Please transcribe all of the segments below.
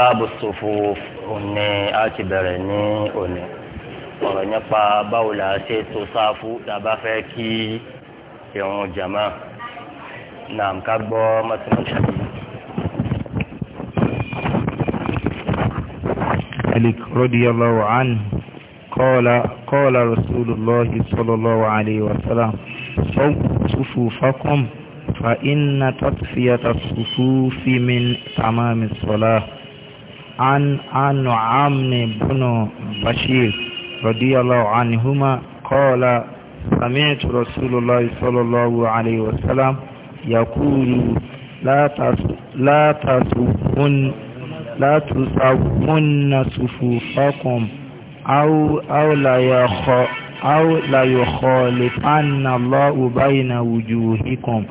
báàbù sòfò òní a ti bẹ̀rẹ̀ ní òní ọ̀rọ̀ nípa báwo la ṣe tó sáfù tá a bá fẹ́ kí ìrun jàmá náà ká gbọ́ mọ́tìmọ́tì. مالك رضي الله عنه قال قال رسول الله صلى الله عليه وسلم صوموا صفوفكم فإن تطفية الصفوف من تمام الصلاة عن عن عمن بن بشير رضي الله عنهما قال سمعت رسول الله صلى الله عليه وسلم يقول لا تصفون لا تصفون صفوفكم أو أو لا يخ أو لا يخالفن الله بين وجوهكم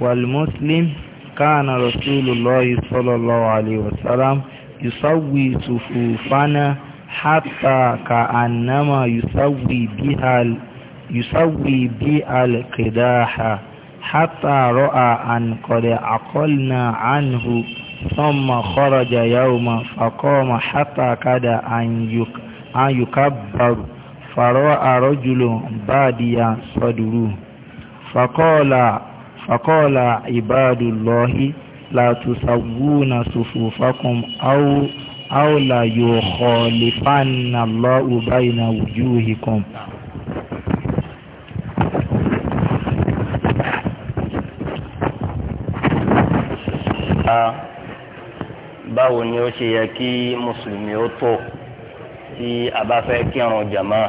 والمسلم كان رسول الله صلى الله عليه وسلم yusawi sufufana hatta ka'annama yusawi bihal yusawi bihal qidaha hatta ra'a an qad aqalna anhu ثم خرج يوما فقام حتى كاد أن يكبر فرأى رجل باديا صدره فقال فقال عباد الله látùsàwùnà sùfùfàkùn àwòlà yóò xọ lè fàánà lọ́wọ́ báyìí náà wùjú ìhìkùn. báwo ni ó ṣe yẹ kí mùsùlùmí ó tó tí a bá fẹ́ kírun jàmá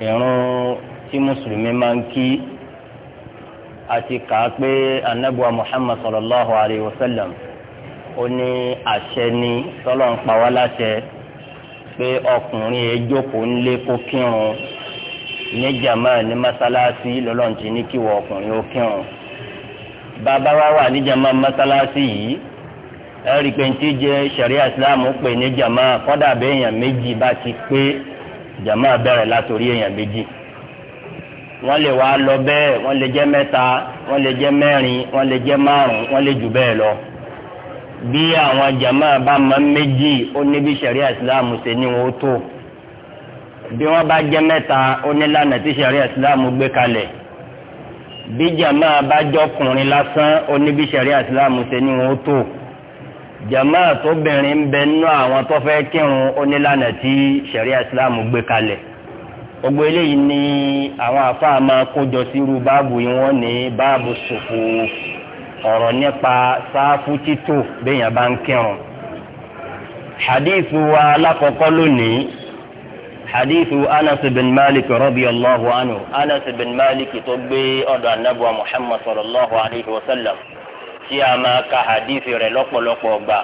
ìrun tí mùsùlùmí máa ń kí àti kà á pé anabuwa muhammad sallallahu alayhi wa sallam ó ní àṣẹ ni tọ́lọ̀ ń pa wá láṣẹ pé ọkùnrin yẹn jókòó ńlé kó kírun ní jàmá ní mọ́sálásí lọ́lọ́ǹtì ní kíwọ ọkùnrin ó kírun bàbá wa wà ní jàmá mọ́sálásí yìí ẹ̀rí pé ní ti jẹ́ sẹ̀ríà ìsìláàmù pé ní jàmá kọ́dà bẹ́ẹ̀ èèyàn méjì bá ti pé jàmá bẹ̀rẹ̀ látòrí èèyàn méjì wọ́n lè wá lọ bẹ́ẹ̀ wọ́n lè jẹ́ mẹ́ta wọ́n lè jẹ́ mẹ́rin wọ́n lè jẹ́ márùn-ún wọ́n lè jù bẹ́ẹ̀ lọ. bí àwọn jama bá mọ méjì ó ní bí sẹ̀ríà islam ṣe ní wọn ó tó bí wọ́n bá jẹ́ mẹ́ta ó ní lànà tí sẹ̀ríà islam gbé kalẹ̀ bí jama bá jọkùnrin lásán ó ní bí sẹ̀ríà islam ṣe ní wọn ó tó jama tóbìnrin ń bẹ nínú àwọn tó fẹ́ kírun ó ní lànà tí sẹ̀ríà islam gbé kalẹ̀ gbogbo eléyìí ni àwọn àfáà máa kójọ sírú báàbù yìí wọ́n ní báàbù sòfò ọ̀rọ̀ nípa sáfù títò béèyàn bá ń kírun. hadithu wa alákọ̀ọ́kọ́ lónìí hadithu anas bin malik radiyallahu anhu anas bin malik tó gbé ọ̀dọ̀ anabuwa muhammad sallallahu alayhi wa sallam tí a máa ka hadithi rẹ̀ lọ́pọ̀lọpọ̀ gbà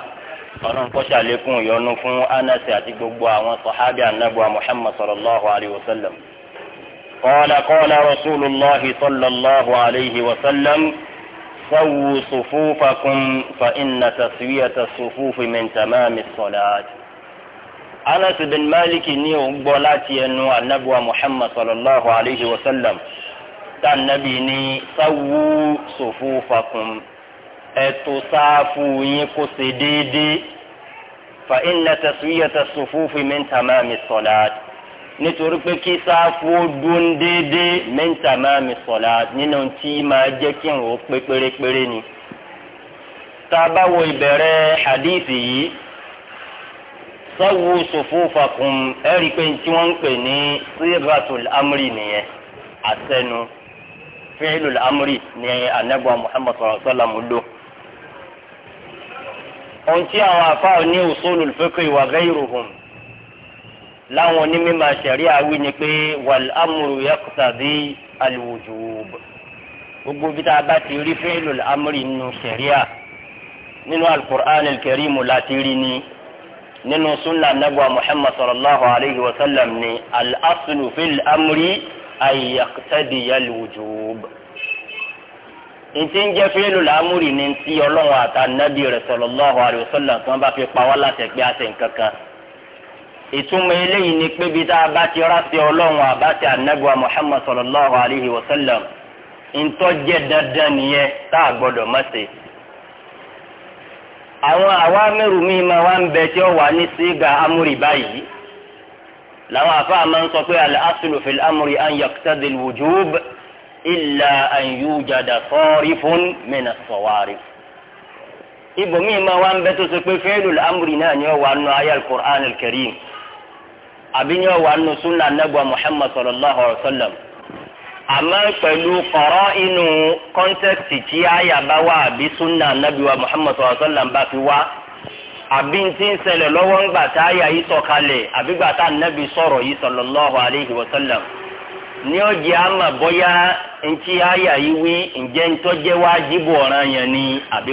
ọlọ́run kó ṣàlékún ìyọ́nú fún anasi àti gbogbo àwọn sọ̀hábì anábùa muhammad sallallahu alayhi wa sallam. قال قال رسول الله صلى الله عليه وسلم سووا صفوفكم فإن تسوية الصفوف من تمام الصلاة أنس بن مالك ني أقبلاتي أنه النبوة محمد صلى الله عليه وسلم كان نبي ني سووا صفوفكم ẹ̀tò sáfù yín kó ṣe déédéé fa inna taswiyata sufufi min tamami salat nítorí pé kí sáfù ó dún déédéé min tamami salat nínú tí máa jẹ́ kí n ò pé pérépéré ni tá a bá wo ìbẹ̀rẹ̀ hadithi yìí sawu sufufakum ẹ̀rí pé tí wọ́n ń pè ní siratul amri nìyẹn àtẹnu fi'lul amri ní anagba muhammad sallam lò ohun tí àwọn afáà ní usulul fiqh wa ghayruhum láwọn onímọ̀ ṣẹ̀ríà wí ni pé wal amru yaqtadi al wujub gbogbo bí tá a bá ti rí fi'lul amri nínú ṣẹ̀ríà nínú al-Qur'an al-Karim láti rí ni nínú sunna nabwa Muhammad sallallahu alayhi wa sallam ni al-aslu fil amri ay yaqtadi al wujub ntí ń jẹ́ fílẹ́lù làámúrì ni ntí ọlọ́run àtànábì rẹ̀ sallallahu alaihi wasallam tí wọ́n bá fi pa wá láti ẹ̀pẹ́ àti nǹkan kan. ìtumọ̀ eléyìí ni pé bí tá a bá ti rásì ọlọ́run àbáṣe ànágbà Muhammad sallallahu alaihi wasallam ntọ́ jẹ́ dandan nìyẹn tá a gbọ́dọ̀ má ṣe. àwọn àwa mẹ́rù mi máa wá ń bẹ tí ó wà ní síga amúrì báyìí làwọn àfáà máa ń sọ pé al illa an yujada sarifun mina sawarif ibòmí ma wá ń bẹ tó so pé fẹ́ẹ́lù amúri náà ni ó wà nù ayé alukur'an alkarim àbí ni ó wà nù sunna anagba muhammad sallallahu alayhi wa sallam àmọ́ pẹ̀lú kọ̀rọ̀ inú kọ́ńtẹ́kìtì tí àyà bá wà àbí sunna anabi wa muhammad sallallahu alayhi wa sallam fi wá àbí tí ń ṣẹlẹ̀ lọ́wọ́ ńgbà tá àyà yìí sọ̀kalẹ̀ àbí gbà tá anabi sọ̀rọ̀ yìí sallallahu alayhi wa ní ọjà àmà bọ́yá ntí àyà yìí wí ǹjẹ́ ntọ́jẹ́ wá jíbọ̀ ọ̀ràn yẹn ni àbí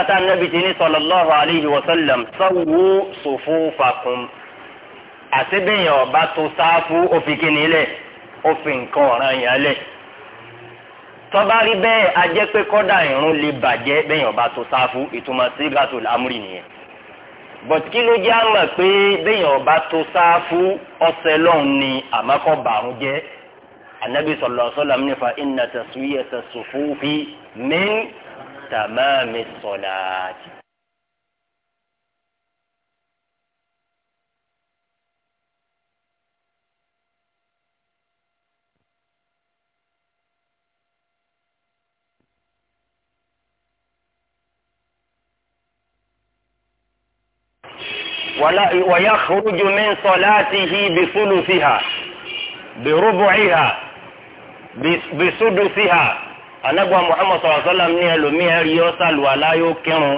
àti bẹ́ẹ̀ yẹn ọba tó sáfù òfin òfin ọ̀ràn yẹn lẹ̀. tọ́ba rí bẹ́ẹ̀ a jẹ́ pé kọ́dà ìrún lè bàjẹ́ bẹ́yìn ọba tó sáfù ìtumọ̀ sí gàtò lámúrì nìyẹn bọ̀t kí ló jẹ́ àmọ̀ pé bẹ́yìn ọba tó sáfù ọ̀sẹ̀ lọ́hùn ni àmọ́kọ́ bàrún jẹ́ anabi sọlọ sọlọ mi nífa iná tẹ̀sùn yẹ tẹ̀sùn mí tàmáàmì sọ̀dáàtì ويخرج من صلاته بثلثها بربعها بسدسها anagba muhammad sallallahu alaihi wa sallam ní ẹlòmíì ẹrí ọsàlù aláyó kírun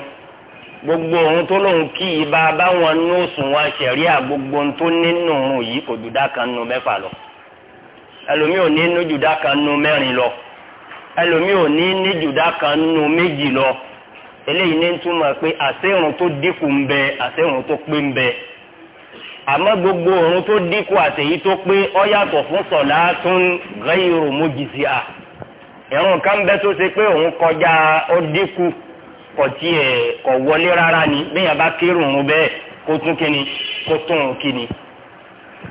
gbogbo ohun tó lóun kí i bá báwọn ní òsùn wa ṣẹríà gbogbo ohun tó nínú òun yìí kò jùdá kan nu mẹ́fà lọ ẹlòmíì ò ní ní jùdá kan nu mẹ́rin lọ ẹlòmíì ò ní ní jùdá kan nu méjì lọ eléyìí ní túmọ̀ pé àṣẹ̀rùn tó dínkù ń bẹ àṣẹ̀rùn tó pé ń bẹ àmọ́ gbogbo òrùn tó dínkù àtẹ̀yí tó pé ó yàtọ̀ fún salatun ghayru mujzi'a ìrun kan bẹ tó ṣe pé òun kọjá ó dínkù kò tiẹ̀ kò wọlé rárá ni bẹ́ẹ̀ bá kírun òun bẹ́ẹ̀ kó tún kíni kó tún kíni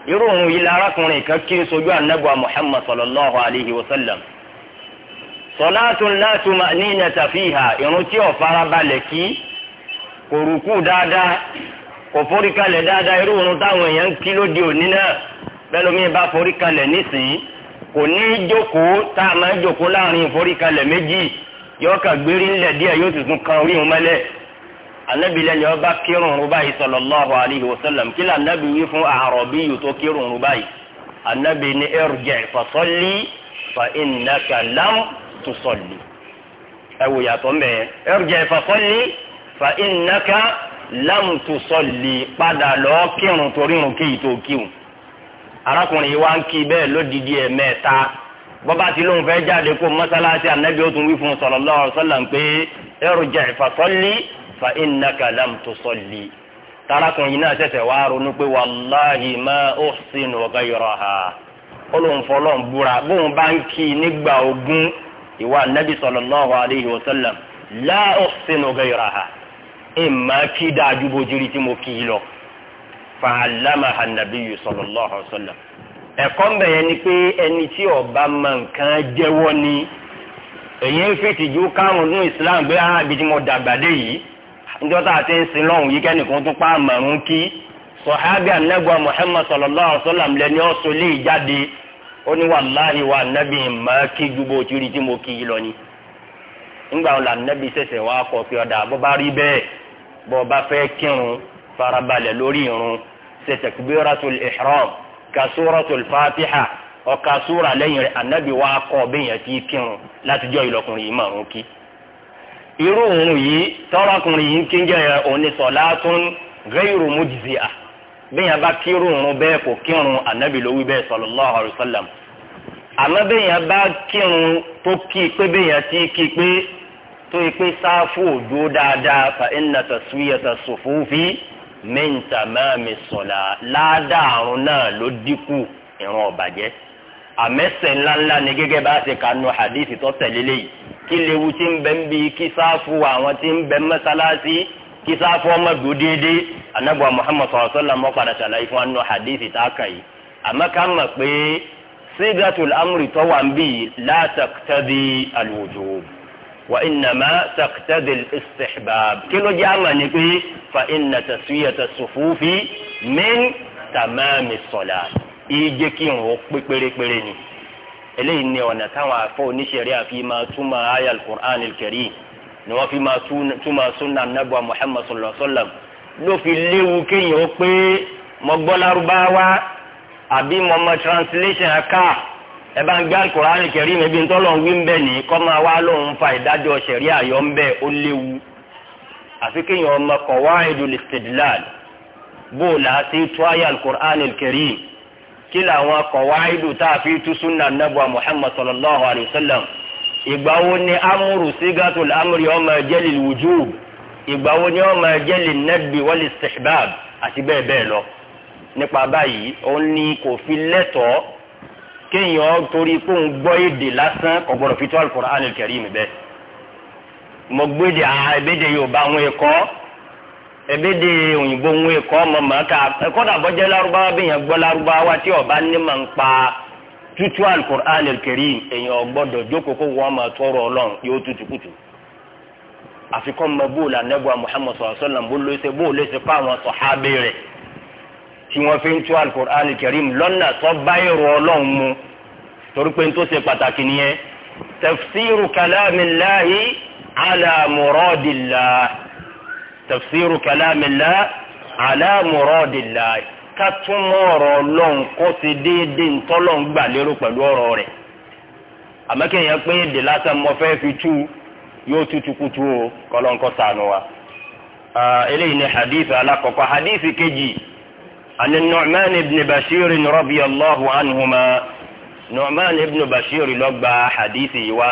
irú òun yìí lárakùnrin kan kí n sojú ànábì Muhammad sallallahu alayhi wa sallam sọláàtún láti máa ní ìyàtà fìhà irun tí ò farabalẹ̀ kí kò rúkú dáadáa kò foríkalẹ̀ dáadáa irú irun táwọn èèyàn ń kí lóde òní náà bẹ́ẹ̀ lómi bá foríkalẹ̀ nísìnyí kò ní í jókòó tá a máa ń jókòó láàrin ìforíkalẹ̀ méjì yóò kà gbérí ńlẹ̀ díẹ̀ yóò tuntun kan orí òun mẹ́lẹ̀ anábìlẹ̀ ni ọba kírun ọ̀run báyìí sallallahu alaihi wasallam kí lóò anábì wí fún àròbí yìí tó kírun ọ̀run báyìí anábì ni irji' fasalli fa innaka lam tó sọ̀lì ẹ wò yàtọ̀ ń bẹ̀ yẹn ẹrùjẹ ìfàsọ́lì fa ìnáka lam tó sọ̀lì padà lọ kírun torírun kéyìí tó kíhùn arákùnrin yìí wá ń kí bẹ́ẹ̀ lódìdí ẹ̀ mẹ́ta bọ́bá tí lóun fẹ́ jáde kó mọ́sálásí ànábì ó tún wí fún sallallahu alaihi wasallam pé ẹrùjẹ ìfàsọ́lì fa ìnáka lam tó sọ̀lì tarakùnrin náà ṣẹ̀ṣẹ̀ wá ronú pé wàláhì má ó sínú ọ̀gá ha ó lóun fọlọ́n búra bóun bá ń kí nígbà ogún ìwà nabi sallallahu alayhi wa sallam la uhsinu ghayraha ìmà kí dájú bojúri tí mo kì í lọ fa'allamaha an sallallahu alayhi wa sallam ẹ̀kọ́ ni pé ẹni tí ọba ma nǹkan jẹ́wọ́ ni èyí ń fi tìjú kárùn ní Islam bí ara ah, ibi mo dàgbà dé yìí níjọ́ ń sin lọ́hùn yìí kẹ́nìkan ó ní wàláhì wa nábì máa kí ju bó ti rí tí mo kí i lọ ni nígbà wọn là nábì ṣẹ̀ṣẹ̀ wá kọ pé ọ̀dà bó bá rí bẹ́ẹ̀ bó bá fẹ́ kírun farabalẹ̀ lórí irun ṣe takbiratul ihram ka suratul fatiha ọ̀ka súra lẹ́yìn rẹ̀ ànábì wa kọ́ béèyàn ti kírun látijọ́ ìlọkùnrin yìí márùn kí. irú òun yìí tọ́lọ́kùnrin yìí kí ń salatun ghayru mujzi'ah bẹ́yàn bá kírun bẹ́ẹ̀ kò kírun ànábì ló wí bẹ́ẹ̀ sallallahu alaihi wasallam àmọ́ bẹ́yàn bá kírun tó kí pé bẹ́yàn ti kí pé tó yẹ pé sáfù òjò dáadáa fa inna taswiyata sufufi min tamami sọ̀la ládàárún náà ló dínkù ìran ọ̀bàjẹ́ àmẹ́sẹ̀ ńláńlá ni gẹ́gẹ́ bá ṣe kà nu hadithi tó tẹ̀lé léyìí kí lewu ti ń bẹ ń bi kí sáfù àwọn ti ń bẹ mọ́sálásí kí sáfù ọmọ gbòdéédéé anabuwa muhammad sallallahu alaihi wa sallam ọ̀padà ṣàlàyé fún anú hadithi tá a kà yìí àmọ́ ká mọ̀ pé sigatul amri tó wà ń bì la taqtadi al-wujub wa innama taqtadi al-istihbab kí ló jẹ́ àmà ni pé fa inna taswiyata sufufi min tamami salat ìjẹ́ kí n ò pé pérépéré ni eléyìí ni ọ̀nà táwọn afọ oníṣẹ̀rí àfi máa túmọ̀ ayal qur'an al ni wọ́n fi máa túmọ̀ sunna anabuwa muhammad sallallahu alaihi wa sallam ló fi léwu kéèyàn ó pé mo gbọ́ lárúbáwá àbí mo mọ translation ká ẹ bá ń gbé alukur'an kẹrin mi bí n tọ́lọ̀ ń wí ń bẹ̀ ní kọ́ máa wá lóun fa ìdájọ́ sẹ̀rí àyọ̀ ń bẹ̀ ó léwu àfi kéèyàn ọmọ qawaidul istidlal bó o là sí tuwáyà alukur'an kẹrin kí làwọn qawaidu tá a fi tú sunna nabuwa muhammad sallallahu alayhi wa sallam ìgbà wo ni amúrù sígàtò lámúrì ọmọ jẹ́lì wùjúùbù ìgbà wo ni wọn máa jẹ́ lè nẹ́bi wọ́n lè sèhbab àti bẹ́ẹ̀ bẹ́ẹ̀ lọ nípa báyìí òun ni kò fi lẹ́tọ̀ọ́ kéèyàn torí pé òun gbọ́ èdè lásán kò gbọ́dọ̀ fi tó al-Qur'an al-Karim bẹ́ẹ̀ mo gbéde àbédè Yorùbá àwọn ẹ̀kọ́ ẹ̀bédè òyìnbó àwọn ẹ̀kọ́ ọmọ màkà ẹ̀kọ́ dàbọ̀jẹ́ lárúbáwá bí yẹn gbọ́ lárúbáwá tí ọba ní màá ń pa tútú al-Qur'an al-Karim èèyàn gbọ́dọ̀ jókòó kó wọ́n máa tọrọ ọlọ́run yóò tutù kùtù àfikún mọ bóòlù anábùwà muhammad sallallahu alaihi wasallam bóòlù ẹsẹ bóòlù ẹsẹ pa àwọn sọ̀hábì rẹ̀ tí wọ́n fi ń tú alukur'an kẹrìm lọ́nà tó bá ìrù ọlọ́run mu torí pé n tó ṣe pàtàkì nìyẹn tafsiru kalamillahi ala tafsiru kalamillahi ala muradillah ọ̀rọ̀ ọlọ́run kó ti déédéé ntọ́lọ́run gbà lérò pẹ̀lú ọ̀rọ̀ rẹ̀ àmọ́kẹ́yìn pé èdè lásán mo fẹ́ fi tú u yóò tutù kutu o kọlọ́nkọ́ sànù wa. eléyìí ni hadith alakọ̀kọ́ hadith kejì ani Nu'man ibn Bashir radiyallahu anhuma Nu'man ibn Bashir ló gbà hadith yìí wa.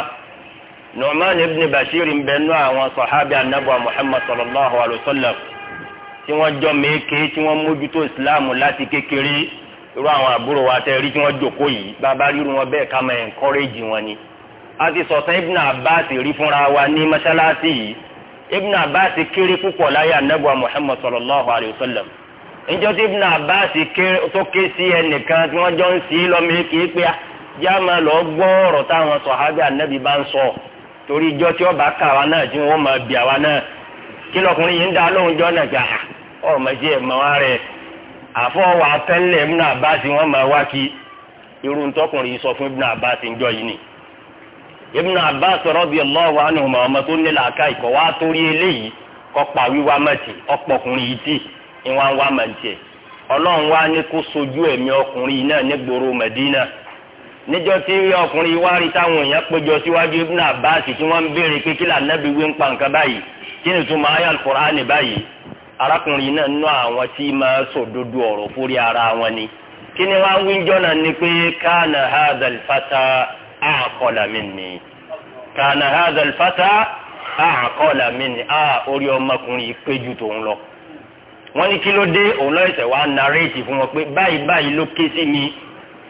Nu'man ibn Bashir ń bẹ nú àwọn sọ̀hábì anábọ̀ Muhammad sallallahu alayhi wa sallam tí wọ́n jọ méèké tí wọ́n mójútó Islam láti kékeré irú àwọn àbúrò wa tẹ́ rí tí wọ́n jòkó yìí bàbá ríru wọn bẹ́ẹ̀ ká máa encourage wọn ni. a ti sọ̀tàn ibn abbas rí fúnra wa ní mọ́ṣáláṣí yìí ibn abbas kiri púpọ̀ láyé anábọ̀ muhammad sallallahu alayhi wa sallam níjọ́ tí ibn abbas tó ké sí ẹnìkan tí wọ́n jọ ń sí lọ́mọ pé lọ sọ torí tí ọba ká wa náà tí wọ́n máa bì àwa náà kí lọkùnrin yìí ń dá lóhùn jọ náà gbà ọ̀rọ̀ wa rẹ̀ àfọwọ́ àtẹ́lẹ̀ ibn abbas wọ́n máa wá kí irú Ibn Abbas radiyallahu anhuma ọmọ tó ní làákà ìkọ̀ wá torí eléyìí kọ́pa wíwá mẹ́tì ọ̀pọ̀kùnrin yìí tì ní wá wá mẹ́tì ẹ̀ ọlọ́run wá ní kó sojú ẹ̀mí ọkùnrin náà ní gbòòrò Mẹ̀dínà níjọ́ tí ọkùnrin wá rí táwọn èèyàn péjọ síwájú tí wọ́n ń béèrè pé kí lànàbí wí ń pa nǹkan báyìí kí ni tó máa báyìí àkọlà mi ni kànà hazal fata àkọlà mi ni a orí ọmọkùnrin péjú tòun lọ wọ́n ní kí ló dé òun lọ́ọ̀sẹ̀ wá nàréètì fún wọn pé báyìí báyìí ló ké sí mi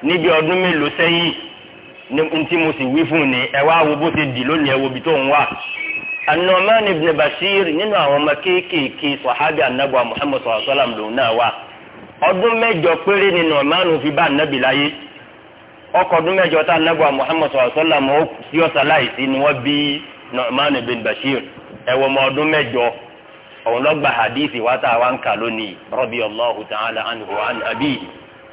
níbi ọdún mélòó sẹ́yìn ntí mo sì wí fún ni ẹ wá wo bó ti dì lónìí ẹ wo ibi tó wà. An-Nu'man ibn Bashir nínú àwọn ọmọ kéékèèké sọ̀hábì anábọ̀ Muhammad sallallahu alaihi lòun náà wà ọdún mẹ́jọ péré ni Nu'man ọkọ̀ ọdún mẹ́jọ tá anábọ̀ Muhammad sallallahu alaihi wasallam ó sí ọ̀sà láìsí ni wọ́n bí Nu'man bin Bashir ẹ̀wọ̀n ọmọ ọdún mẹ́jọ òun lọ gba hadith wa tá a wá ń kà lónìí radiyallahu ta'ala anhu an abihi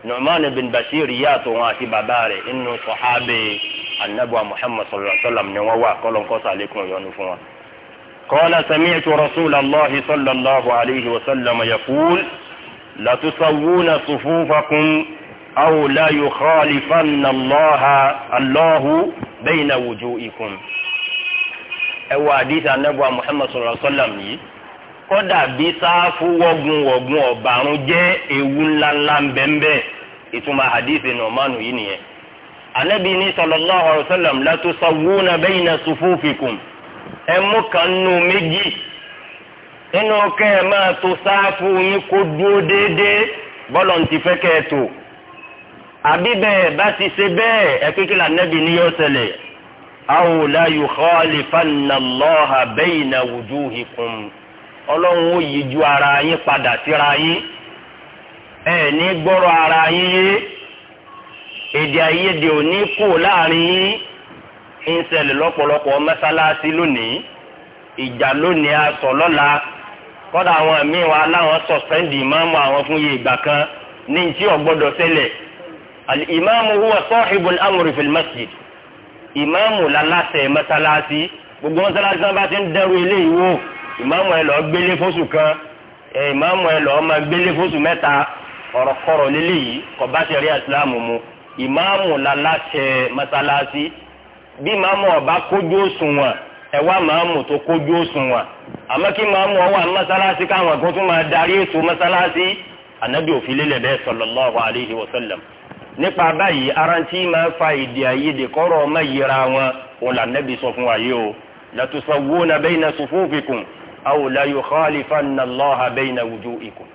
Nu'man bin Bashir yàtọ̀ wọn àti bàbá rẹ̀ inú sọ̀hábẹ́ anábọ̀ Muhammad sallallahu alaihi ni wọ́n wà kọ́lọ́n kọ́sà lẹ́kùn ìyọnu fún wa. قال سمعت رسول الله صلى الله عليه وسلم يقول لتسوون صفوفكم أو لا يخالفن الله الله بين وجوهكم ẹwà àdìsá nẹ́bùà Muhammad sọ̀rọ̀ sọ́làm yìí kọ́dà bí sáfù wọ́gun wọ́gun ọ̀bàrún jẹ́ ewu ńláńlá ńbẹ́ńbẹ́ ìtumọ̀ àdìsí nọ̀mánu yìí nìyẹn. anabi ní sallallahu alaihi wasallam latusawwuna bayna sufufikum ẹ mú kan nù méjì nínú kẹ́ ẹ máa tó sáfù yín kó dúró déédéé bọ́lọ̀ ntìfẹ́ tó àbí bẹ́ẹ̀ bá ti ṣe bẹ́ẹ̀ ẹ kékeré ànábì ni yóò ṣẹlẹ̀ aw la yukhalifanna Allaha bayna wujuhikum ọlọ́run ó yí ju ara yín padà síra yín ẹ ní gbọ́rọ̀ ara yín yé èdè àìyedè ò ní kú láàrin yín ń ṣẹlẹ̀ lọ́pọ̀lọpọ̀ mẹ́sálásí lónìí ìjà lónìí aṣọ lọ́la kọ́dà àwọn míì wa láwọn sọ̀spẹ́ndì máàmù àwọn fún iye ìgbà kan ní tí ò ṣẹlẹ̀ al-imamu huwa sahibul amri fil masjid ìmáàmù lálásẹ̀ mọ́sálásí gbogbo mọ́sálásí náà bá ti ń dẹrù eléyìí wò ìmáàmù ẹ lọ gbélé fóṣù kan ẹ ìmáàmù ẹ lọ máa gbélé fóṣù mẹ́ta ọ̀rọ̀kọ̀rọ̀ léléyìí kò bá ṣe rí àsìláàmù mu ìmáàmù lálásẹ̀ mọ́sálásí bí ìmáàmù ọba kójú òṣùwọ̀n ẹ wá màámù tó kójú òṣùwọ̀n àmọ́ kí màámù ọwà mọ́sálásí káwọn kan tún darí ètò mọ́sálásí ànábì òfin lélẹ̀ bẹ́ẹ̀ sallallahu alaihi wa sallam nípa báyìí arántí máa fa èdè àìyedè kọ́rọ̀ ọmọ yẹra wọn òun là nẹ́bi sọ fún wa yìí o latusawwuna bayna sufufikum aw la yukhalifanna Allaha bayna wujuhikum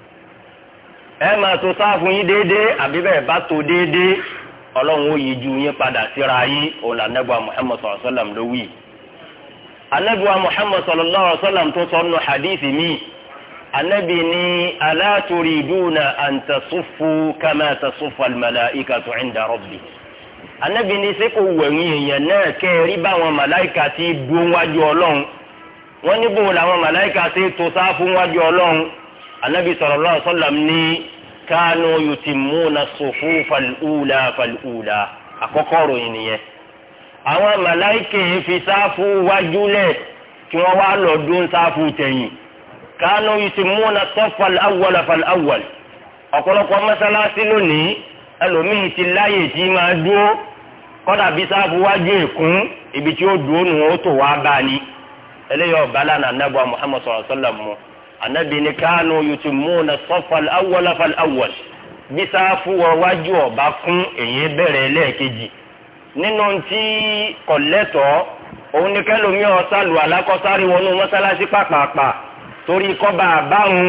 ẹ máa tó sáàfù yín déédéé àbí bẹ́ẹ̀ bá tó déédéé ọlọ́run ó yíjú yín padà síra yín òun là nẹ́gbà Muhammad sallallahu alaihi wasallam ló wí. anẹ́gbà Muhammad sallallahu alaihi wasallam tó sọ nù hadith mi anabi ni ala turiduna an tasuffu kama tasuffu almalaikatu inda rabbi anabi ni ṣé kò wẹ̀yìn èèyàn náà kẹ́ẹ̀rí báwọn màláìka ti dúró wájú ọlọ́run wọ́n ní bóun làwọn màláìka ti tó sáfù wájú ọlọ́run anabi sallallahu alaihi wasallam ní kánú yutimmuna sufufa al-ula fal-ula àkọ́kọ́ ròyìn nìyẹn fi sáfù wájú lẹ̀ kí wọ́n wá lọ dún kánú yusimuna tọ́fàl awwal fàl awwal ọ̀pọ̀lọpọ̀ masalasi lónìí ẹlòmíì ti láyè tí máa dúró kọ́dà bí sáfù wájú ìkún ibi tí ó dúró nù ó tó wá bá ní eléyìí ọ̀bá lánàá anábọ̀ Muhammad mu anábì ní kánú yusimuna tọ́fàl awwal fàl awwal bí wájú ọ̀bá kún èyí bẹ̀rẹ̀ torí kọ́ba àbáhùn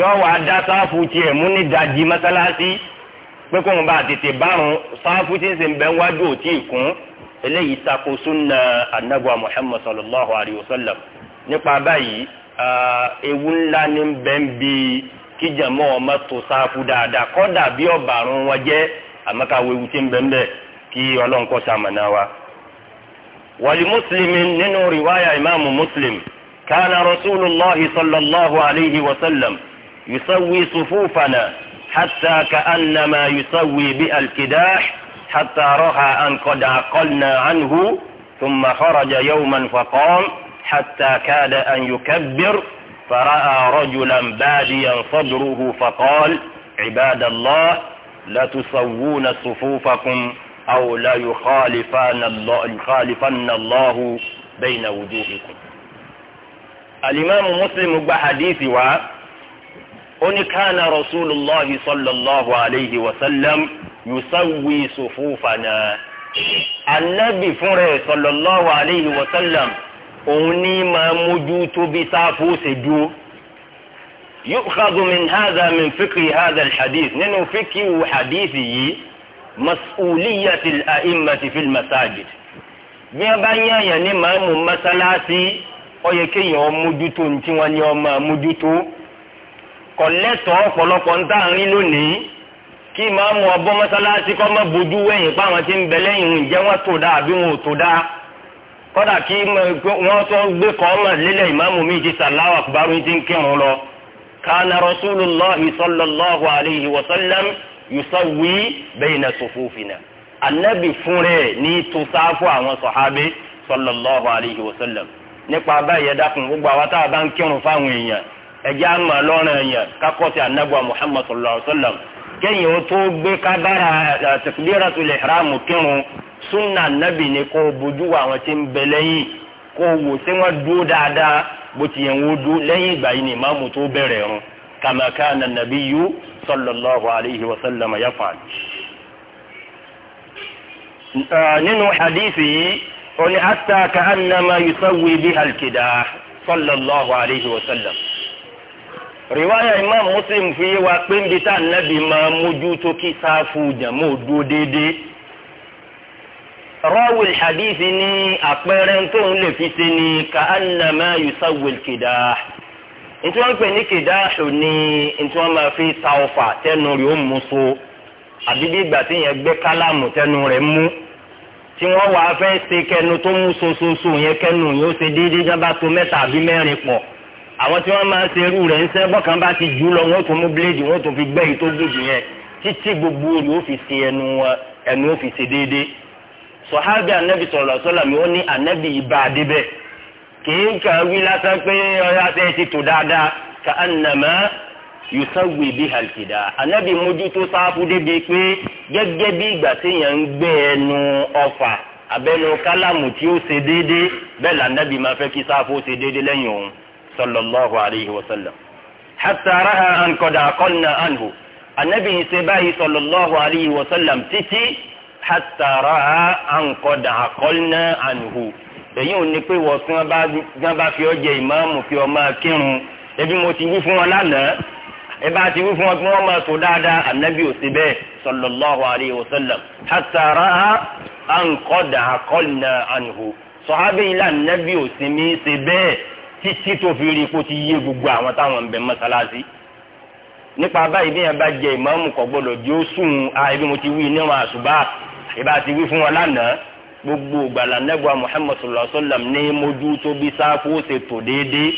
yọ wà á dá sáfù tiẹ̀ mú ní dajì mọ́sálásí pé kóun bá tètè bárun sáfù tí ń sè ń bẹ́ wájú òtí ìkún eléyìí tako sunna anabuwa muhammad sallallahu alayhi wa sallam nípa báyìí ewu ńlá ní bẹ́ ń bi kíjàmọ́ ọmọ tó sáfù dáadáa kọ́dà bí ọ̀bàrún wọn jẹ́ àmọ́káwé ewu tí ń bẹ́ bẹ́ kí ọlọ́nkọ́ sàmànà wa. wàlí muslim nínú riwaya imaamu muslim. كان رسول الله صلى الله عليه وسلم يسوي صفوفنا حتى كأنما يسوي بالكداح حتى رأى أن قد عقلنا عنه ثم خرج يوما فقام حتى كاد أن يكبر فرأى رجلا باديا صدره فقال عباد الله لا تصوون صفوفكم أو لا يخالفن الله, يخالفن الله بين وجوهكم alimami muslim gba hadithi wa ó ní kánà rasulillah sallallahu alayhi wa sallam yusawi sufufana anabi fúnra ẹ sallallahu alayhi wa sallam òun ní máa mójú tóbi sáfù ṣe dúró yukhadu min hadha min fikri hadha alhadith nínú fikiru hadithi yìí mas'uliyati al-a'immati fil masajid bí wọn bá yàn ó yẹ kéèyàn mójútó ní tí wọ́n ní ọmọ mójútó kọ̀lẹ́tọ̀ ọ̀pọ̀lọpọ̀ ń tà ń rí lónìí kí ìmáàmù ọbọ̀ mọ́sálásí kọ́ mọ́ bójú wẹ̀yìn páwọn tí ń bẹ lẹ́yìn ń jẹ́ wọ́n tó dáa àbí wọn ò tó dáa kọ́dà kí wọ́n tó gbé kọ́ ọmọ lélẹ̀ ìmáàmù mi ti sàláwà àkùbárù ti ń kírun lọ kana rasulullahi sallallahu alayhi wa sallam yusawwi bayna sufufina anabi fúnra ní tó sáfù àwọn sọ̀hábẹ́ sallallahu alayhi wa nípa báyìí ẹ dákun gbogbo àwa tá a bá ń kírun fáwọn èèyàn ẹjẹ àmà lọ́rùn èèyàn kakọ́tì anábọ̀ muhammad sallallahu alayhi wa sallam kéèyàn ó tó gbé kábàrà takbiratul ihram kírun sunna anabi ni kó bójú wa àwọn tí ń bẹ lẹ́yìn kó wò sí wọn dúró dáadáa bó ti yẹn wó dúró lẹ́yìn ìgbà yìí ni ìmáàmù tó bẹ̀rẹ̀ rún kama kana nabiyyu sallallahu alayhi wa sallam yaf'al. nínú hadisi yìí òní hatta ka'annama yusawwi biha al-kidah sallallahu alayhi wa sallam. riwaya imam muslim fi yé wa pé níbi tá ànábì máa mójú tó kí sáfù jàmọ́ dúró déédéé. rawi al-hadith ní àpẹẹrẹ tóun lè fi ṣe ni ka'annama yusawwi al-kidah. ntí wọ́n pè ní kìdáàṣù ni ntí wọ́n máa fi ta ọfà tẹnu rẹ̀ ó so àbí bí ìgbà tí yẹn gbé kálámù tẹnu rẹ̀ mú tí wọ́n wàá fẹ́ ṣe kẹnu tó mú sososo yẹn kẹnu yóò ṣe déédéé jábá tó mẹ́ta àbí mẹ́rin pọ̀ àwọn tí wọ́n máa ń ṣe irú rẹ̀ ń sẹ́ bọ́kàn bá ti jù lọ wọ́n tó mú bíléèdì wọ́n tó fi gbẹ́ yìí tó gùn jù yẹn títí gbogbo rẹ̀ ó fi ṣe ẹnu wọn ẹnu ó fi ṣe déédéé sọ̀hábì ànábì sọ̀rọ̀ sọ́là mi ó ní ànábì ibà débẹ̀ kì í kàn wí lásán pé ọ̀yà tẹ́ ti tò dáadáa kà á nàmá yusawi bi halkida anabi mójútó sáfù débi pé gẹ́gẹ́ bí ìgbà téèyàn ń gbé ẹnu ọfà abẹnu kálámù tí ó ṣe déédé bẹ́ẹ̀ lànàbì máa fẹ́ kí sáfù ó ṣe déédé lẹ́yìn òun sallallahu alayhi wa sallam. hatta raha an qad anhu anabi ṣe báyìí sallallahu alayhi wa sallam títí hatta raha an qad anhu èyí ò ní pé wọ́n tí wọ́n bá fi ọ́ jẹ ìmáàmù kí ọ máa kírun ẹbí mo ti wí fún wọn lánàá ẹ bá ti wí fún wọn kí wọn máa tó dáadáa anabi ò sí bẹ́ẹ̀ sallallahu alayhi wa sallam hatta ra'a an qad aqalna anhu sọhábẹ yìí là anabi ò sí mi ṣe bẹ́ẹ̀ títí tó fi rí kó ti yé gbogbo àwọn táwọn ń bẹ mọ́sálásí nípa báyìí bí yẹn bá jẹ ìmáàmù kò gbọdọ̀ di ó sùn àìbí mo ti wí níwọn àṣùbà ìbá ti wí fún wọn lánàá gbogbo gbala muhammadu sallam ní mójú tó bí sáfù déédéé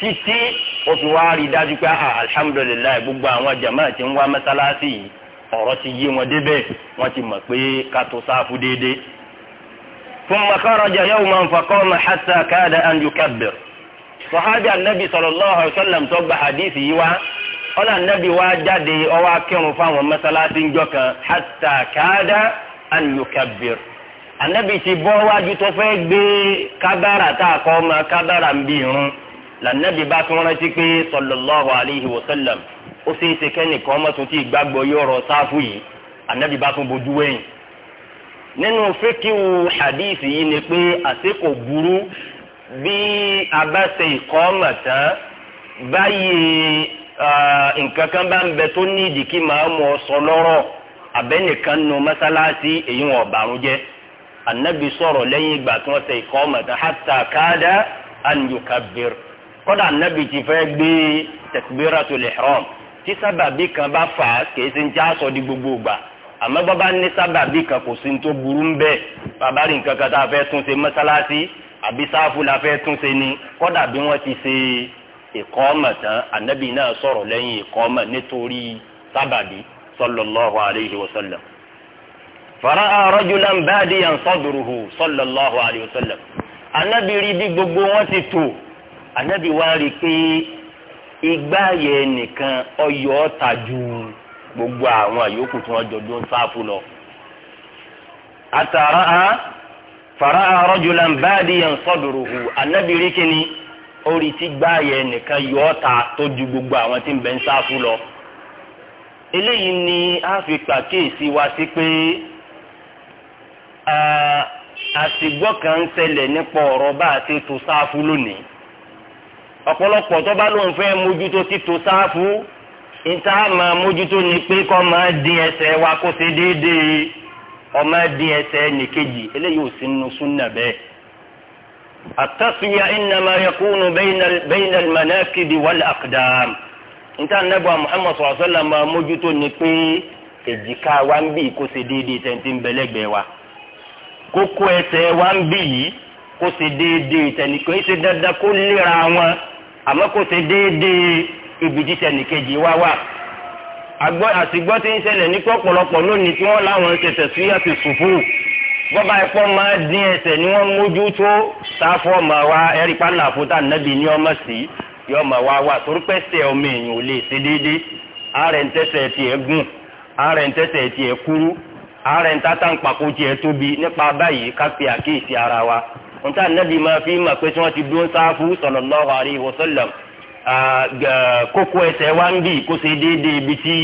títí ó fi wá rí dájú pé ah, alhamdulilayi gbogbo àwọn jama ti ń wá mọ́sálásí yìí ọ̀rọ̀ ti yé wọn débẹ̀ wọ́n ti mọ̀ pé ká tó sáfù déédéé. thumma kharaja yawman faqama hatta kada an yukabbir. sọ̀hábì anabi sallallahu alaihi wasallam tó gba hadith yìí wá ọ̀là anabi wá jáde ó wá kírun fáwọn mọ́sálásí ńjọ́ kan hatta kada an yukabbir. anabi ti bọ́ wájú tó fẹ́ gbé kábàrà tá a kọ́ ọmọ kábàrà ń bí irun lànàbí bá tún rántí pé sallallahu alayhi wa sallam ó ṣe é ṣe kẹ́nìkan ọmọ tuntun ìgbàgbọ́ yọrọ sáfù yìí ànàbí bá tún bojú wẹ̀yìn. nínú fíkìwù hadisi yìí ni pé àṣẹ kò burú bí a bá ṣe ìkọ́mọ̀ tán báyìí nǹkan kan bá ń bẹ tó ní ìdìkì máa mọ̀ sọ lọ́rọ̀ abẹ́nìkan nu mọ́sálásí èyí wọn ọ̀bàrún jẹ́ ànàbí sọ̀rọ̀ lẹ́yìn ìgbà tí wọ́n ṣe ìkọ́mọ̀ tán hatta kada an kọ́dà nẹ́bì ti fẹ́ gbé takbiratul ihram tí sábàbí kan bá fà á kìí ṣe ń já aṣọ di gbogbo ìgbà àmọ́ bàbá ní sábàbí kan kò sí ní tó burú ń bẹ́ẹ̀ bàbá rí nǹkan kan tá a fẹ́ tún ṣe mọ́sálásí àbí sáfù la fẹ́ tún ṣe ni kọ́dà bí wọ́n ti ṣe ìkọ́mọ̀ tán ànábì náà sọ̀rọ̀ lẹ́yìn ìkọ́mọ̀ nítorí sábàbí sallallahu alayhi wa sallam. fara'a rajulan badiyan sadruhu sallallahu alayhi wa sallam. ànábì rí bí gbogbo wọn ti tò anabi wa rí i pé igbá yẹn nìkan ọyọ ọta ju gbogbo àwọn àyókù tí wọn jọ dún sáfù lọ àtàrà á fara arọjùlá báàdì yẹn sọdùrùhù anabi rí kíni orí tí gba yẹn nìkan yọ ọta tó ju gbogbo àwọn tí ń bẹ ń sáfù lọ eléyìí ni a fi pàkíyèsí wa sí pé àtìgbọ́ kan ń ṣẹlẹ̀ nípa ọ̀rọ̀ bá a ti tu sáfù lónìí ọ̀pọ̀lọpọ̀ tó bá lóun fẹ́ mójútó títò sáfù níta máa mójútó ni pé kọ́ máa dín ẹsẹ̀ wa kó ṣe déédéé ọmọ dín ẹsẹ̀ nìkejì eléyìí ò sí nínú súnà bẹ́ẹ̀. التسوية إنما يكون بين بين المناكب والأقدام nta anabuwa muhammad sallallahu alaihi máa mójútó ni pé èjìká wa ń bì kó ṣe déédéé ń bẹ̀lẹ́gbẹ̀ wa kókó ẹsẹ̀ wa àmọ́ kò ṣe déédéé ibi jíṣẹ́ nìkejì wá wà ti ń ṣẹlẹ̀ ní pọ̀pọ̀lọpọ̀ lónìí tí wọ́n láwọn ń ṣẹṣẹ̀ sí àti sùfù bọ́ba ẹ̀pọ́ máa dín ẹsẹ̀ ni wọ́n mójú tó sáfọ́ ọmọ wa wa ọmọ èèyàn ò lè ṣe déédéé ààrẹ ń tẹ́sẹ̀ tiẹ̀ gùn ààrẹ ń tẹ́sẹ̀ tiẹ̀ kúrú ààrẹ ń tátà nta anabi máa fi mà pé tí wọ́n ti dún sáfù sallallahu alaihi wasallam kókó ẹsẹ̀ wa ń bì kó ṣe déédéé ibi tí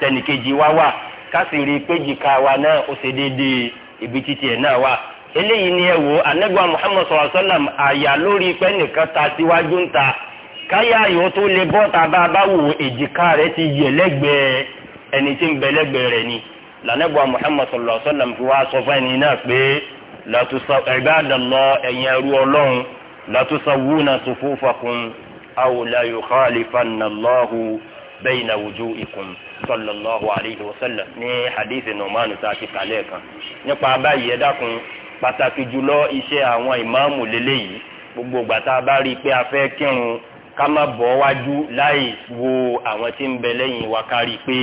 tẹnìkejì wa wà ká sì rí péjìká wa náà ó ṣe déédéé ibi tí tiẹ̀ náà wà eléyìí ni ẹ wo anagba muhammad sallallahu alaihi wa sallam àyà lórí pé nìkan ta síwájú ń ta káyà yóò tó lè bọ́ ta bá a bá wò èjìká rẹ ti yẹ lẹ́gbẹ̀ẹ́ ẹni tí ń bẹ lẹ́gbẹ̀ẹ́ rẹ ni lànàgbà muhammad sallallahu alaihi sallam fi wá sọ fún náà pé latusa ibadallah ẹ̀yin ẹrú ọlọ́run latusawuna sufufakum aw la yukhalifanna Allahu bayna wujuhikum sallallahu alayhi wa sallam ní hadith Nu'man tá a ti kàlẹ́ kan nípa báyìí ẹ dákun pàtàkì jùlọ iṣẹ́ àwọn ìmáàmù lélẹ́yìí gbogbo gbàtà bá rí i pé a fẹ́ kírun ká má bọ́ wájú láì wo àwọn tí ń bẹ lẹ́yìn wa pé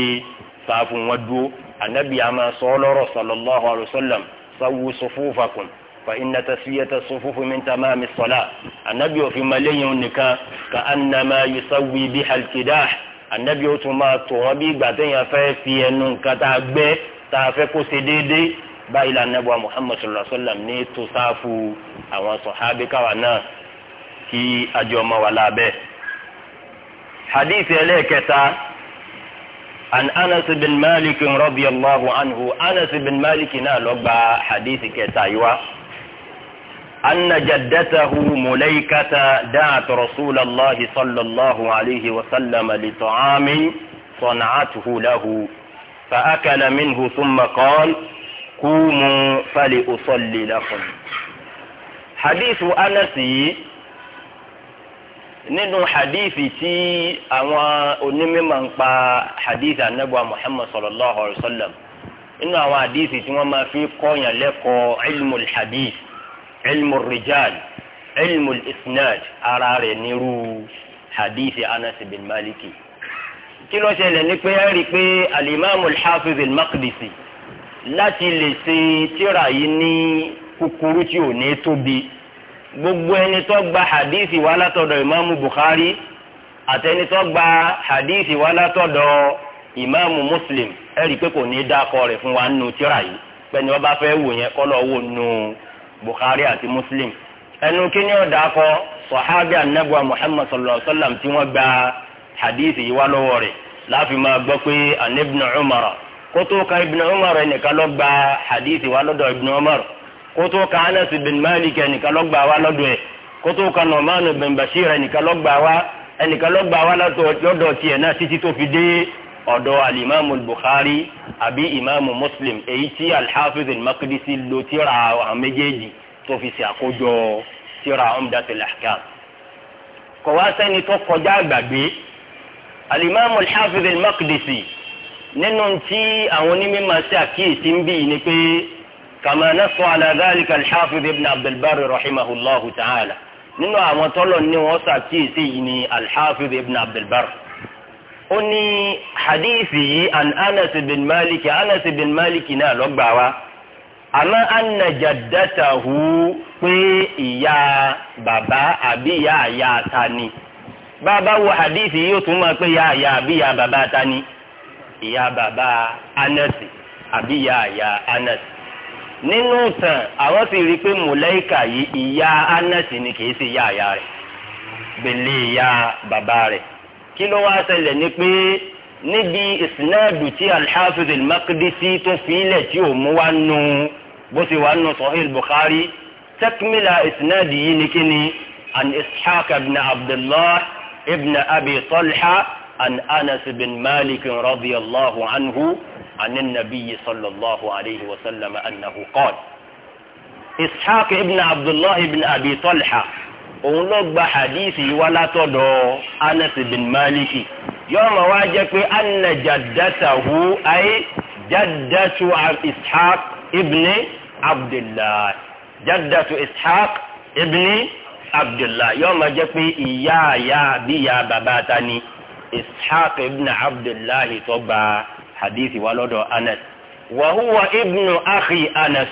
sáfù wọn dúró ànábì àmà sọ sallallahu alayhi wa sallam sawu sufufakum fa inna tasfiyata sufufu min tamami salah anabi òfin malẹ́yìn nìkan ka annama yusawwi biha al-kidah anabi ó tún máa tọ̀ wọ́n bí ìgbà téèyàn fẹ́ fi ẹnu nǹkan tá a gbẹ́ tá a fẹ́ kó ṣe déédéé báyìí la nẹ́bọ̀ sallallahu alayhi wa sallam ní tó sáfù àwọn sọ̀hábí káwa náà kí ajọ́ ọmọ wa lábẹ́. hadith ẹlẹ́ẹ̀kẹta. عن أنس بن مالك رضي الله عنه أنس بن مالك نالوبا حديث كتايوا أن جدته مليكة دعت رسول الله صلى الله عليه وسلم لطعام صنعته له فأكل منه ثم قال قوموا فلأصلي لكم حديث أنس nínú hadithi tí àwọn onímọ̀ ń pa hadithi anabuwa muhammad sallallahu alayhi wa sallam nínú àwọn hadithi tí wọ́n máa fi kọ́yàn lẹ́kọ̀ọ́ ilmu hadith ilmu rijal ilmu isnad ara rẹ̀ nírú hadithi anas bin maliki kí ló ṣẹlẹ̀ ní pé ẹ rí i alhafiz al-maqdisi láti lè ṣe tíra yìí ní kúkúrú tí ò ní gbogbo ẹni tó gba hadithi wá látọ̀dọ̀ ìmáàmù Bukhari àtẹni tó gba hadithi wá látọ̀dọ̀ ìmáàmù Muslim ẹ̀rí pé kò ní dákọ̀ rẹ̀ fún wa nù tíra yìí pẹ̀lú ọba fẹ́ wò yẹn kọ́lọ̀ wò nù Bukhari àti Muslim ẹnu kí ni ó dákọ̀ sọ̀hábì anábùwà Muhammad sallallahu alayhi wa sallam tí wọ́n gba hadithi yìí wá lọ́wọ́ rẹ̀ láàfin máa gbọ́ pé an Ibn Umar kótó ka Ibn Umar ẹnìkan ló gba hadithi wá lọ́dọ̀ Ibn Umar kótó ka anas bin malik ẹnìkan lọ́gbà wa lọ́dọ̀ ẹ̀ kótó ka norman bin bashir ẹnìkan lọ́gbà wa ẹnìkan lọ́gbà wa lọ́dọ̀ tiẹ̀ náà títí tó fi dé ọ̀dọ̀ alimami bukhari àbí imaamu muslim èyí tí alhafiz makidisi lo tíra àwọn méjèèjì tó fi ṣe àkójọ tíra umdatul ahkam kò wá sẹ́ni tó kọjá àgbàgbé alimami alhafiz makidisi nínú tí àwọn onímọ̀ ṣe àkíyèsí ń bí ni pé kama nasu ala dhalika al-hafiz ibn abdulbari rahimahullahu ta'ala nínú àwọn tọ́lọ̀ ní wọ́n ṣàkíyèsí yìí ni al-hafiz ibn abdulbari ó ní hadithi yìí an anas bin maliki anas bin maliki náà lọ́gbà wa àmọ́ anna jaddatahu pé ìyá bàbá àbí ìyá àyà ta ni bàbá wo hadithi yìí ó tún máa pé ìyá àyà àbí ìyá bàbá ta ni ìyá bàbá anasi àbí ìyá nínú ìtàn àwọn sì rí i pé mọ̀lẹ́kà yìí ìyá anẹ́sì ni kì í ṣe ìyá àyà rẹ̀ gbèlè ìyá bàbá rẹ̀ kí ló wáá ṣẹlẹ̀ ni pé níbi ìsìnáàdù tí al-Hafiz al-Maqdisi tó fi ilẹ̀ tí ò mú wá nù bó ti wà nù Sahih Bukhari takmila ìsìnáàdù yìí ni kíni an Ishaq ibn Abdullah ibn Abi Talha an Anas bin Malik radiyallahu anhu. عن النبي صلى الله عليه وسلم أنه قال إسحاق ابن عبد الله بن أبي طلحة òun ló gba hadithi wa látọ̀dọ̀ anas bin maliki yóò máa wá jẹ́ pé anna jaddatahu ay jaddatu ishaq ibn abdullah jaddatu ishaq ibn abdullah yóò máa jẹ́ pé ìyá àyà bíyà bàbá ta ni ishaq ibn abdullah tó gba hadith wa lọ́dọ̀ anas wa huwa ibnu akhi anas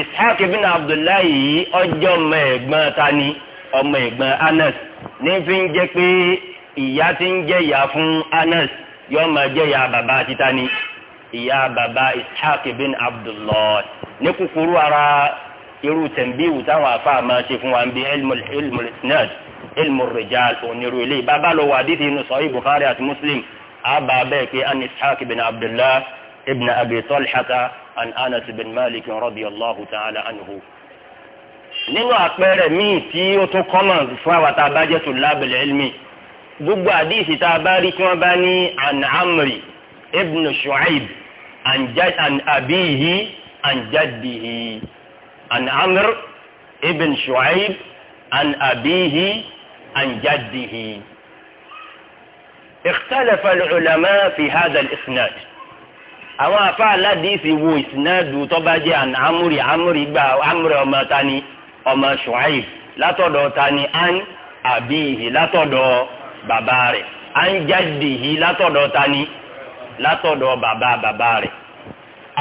ishaq ibn abdullahi yìí ọjọ́ ọmọ ẹ̀gbọ́n tani ọmọ ẹ̀gbọ́n anas ní fi ń jẹ́ pé ìyá ti ń jẹ́ ìyá fún anas yóò máa jẹ́ ìyá bàbá titani ìyá bàbá ishaq ibn abdullahi ní kúkúrú ara irú tẹ̀m̀bíwù táwọn afa máa ṣe fún wa ń bí ilmul rijal onírú ilé bàbá lọ wà dídì inú sọ Bukhari àti muslim. أبا بيك أن إسحاق بن عبد الله ابن أبي طلحة عن أنس بن مالك رضي الله تعالى عنه nínú àpẹẹrẹ míì tí ó tún kọ́mọ̀ fún àwọn tá a bá jẹ́ tó lábẹ̀lẹ̀ ẹ̀lmí gbogbo àdìsí tá a bá rí tí wọ́n bá ní an amri ibn shu'aib an abiyihi an jaddihi an amr ibn shu'aib an abiyihi an jaddihi. اختلف العلماء في هذا الاسناد àwọn afa aládìsí wo ìsinádù tọ́ba jẹ́ àná amúri amúri gba amúri ọmọ tani ọmọ ṣùáì látọ̀dọ̀ tani an àbíyì látọ̀dọ̀ bàbá rẹ̀ an jádìyì látọ̀dọ̀ tani látọ̀dọ̀ bàbá bàbá rẹ̀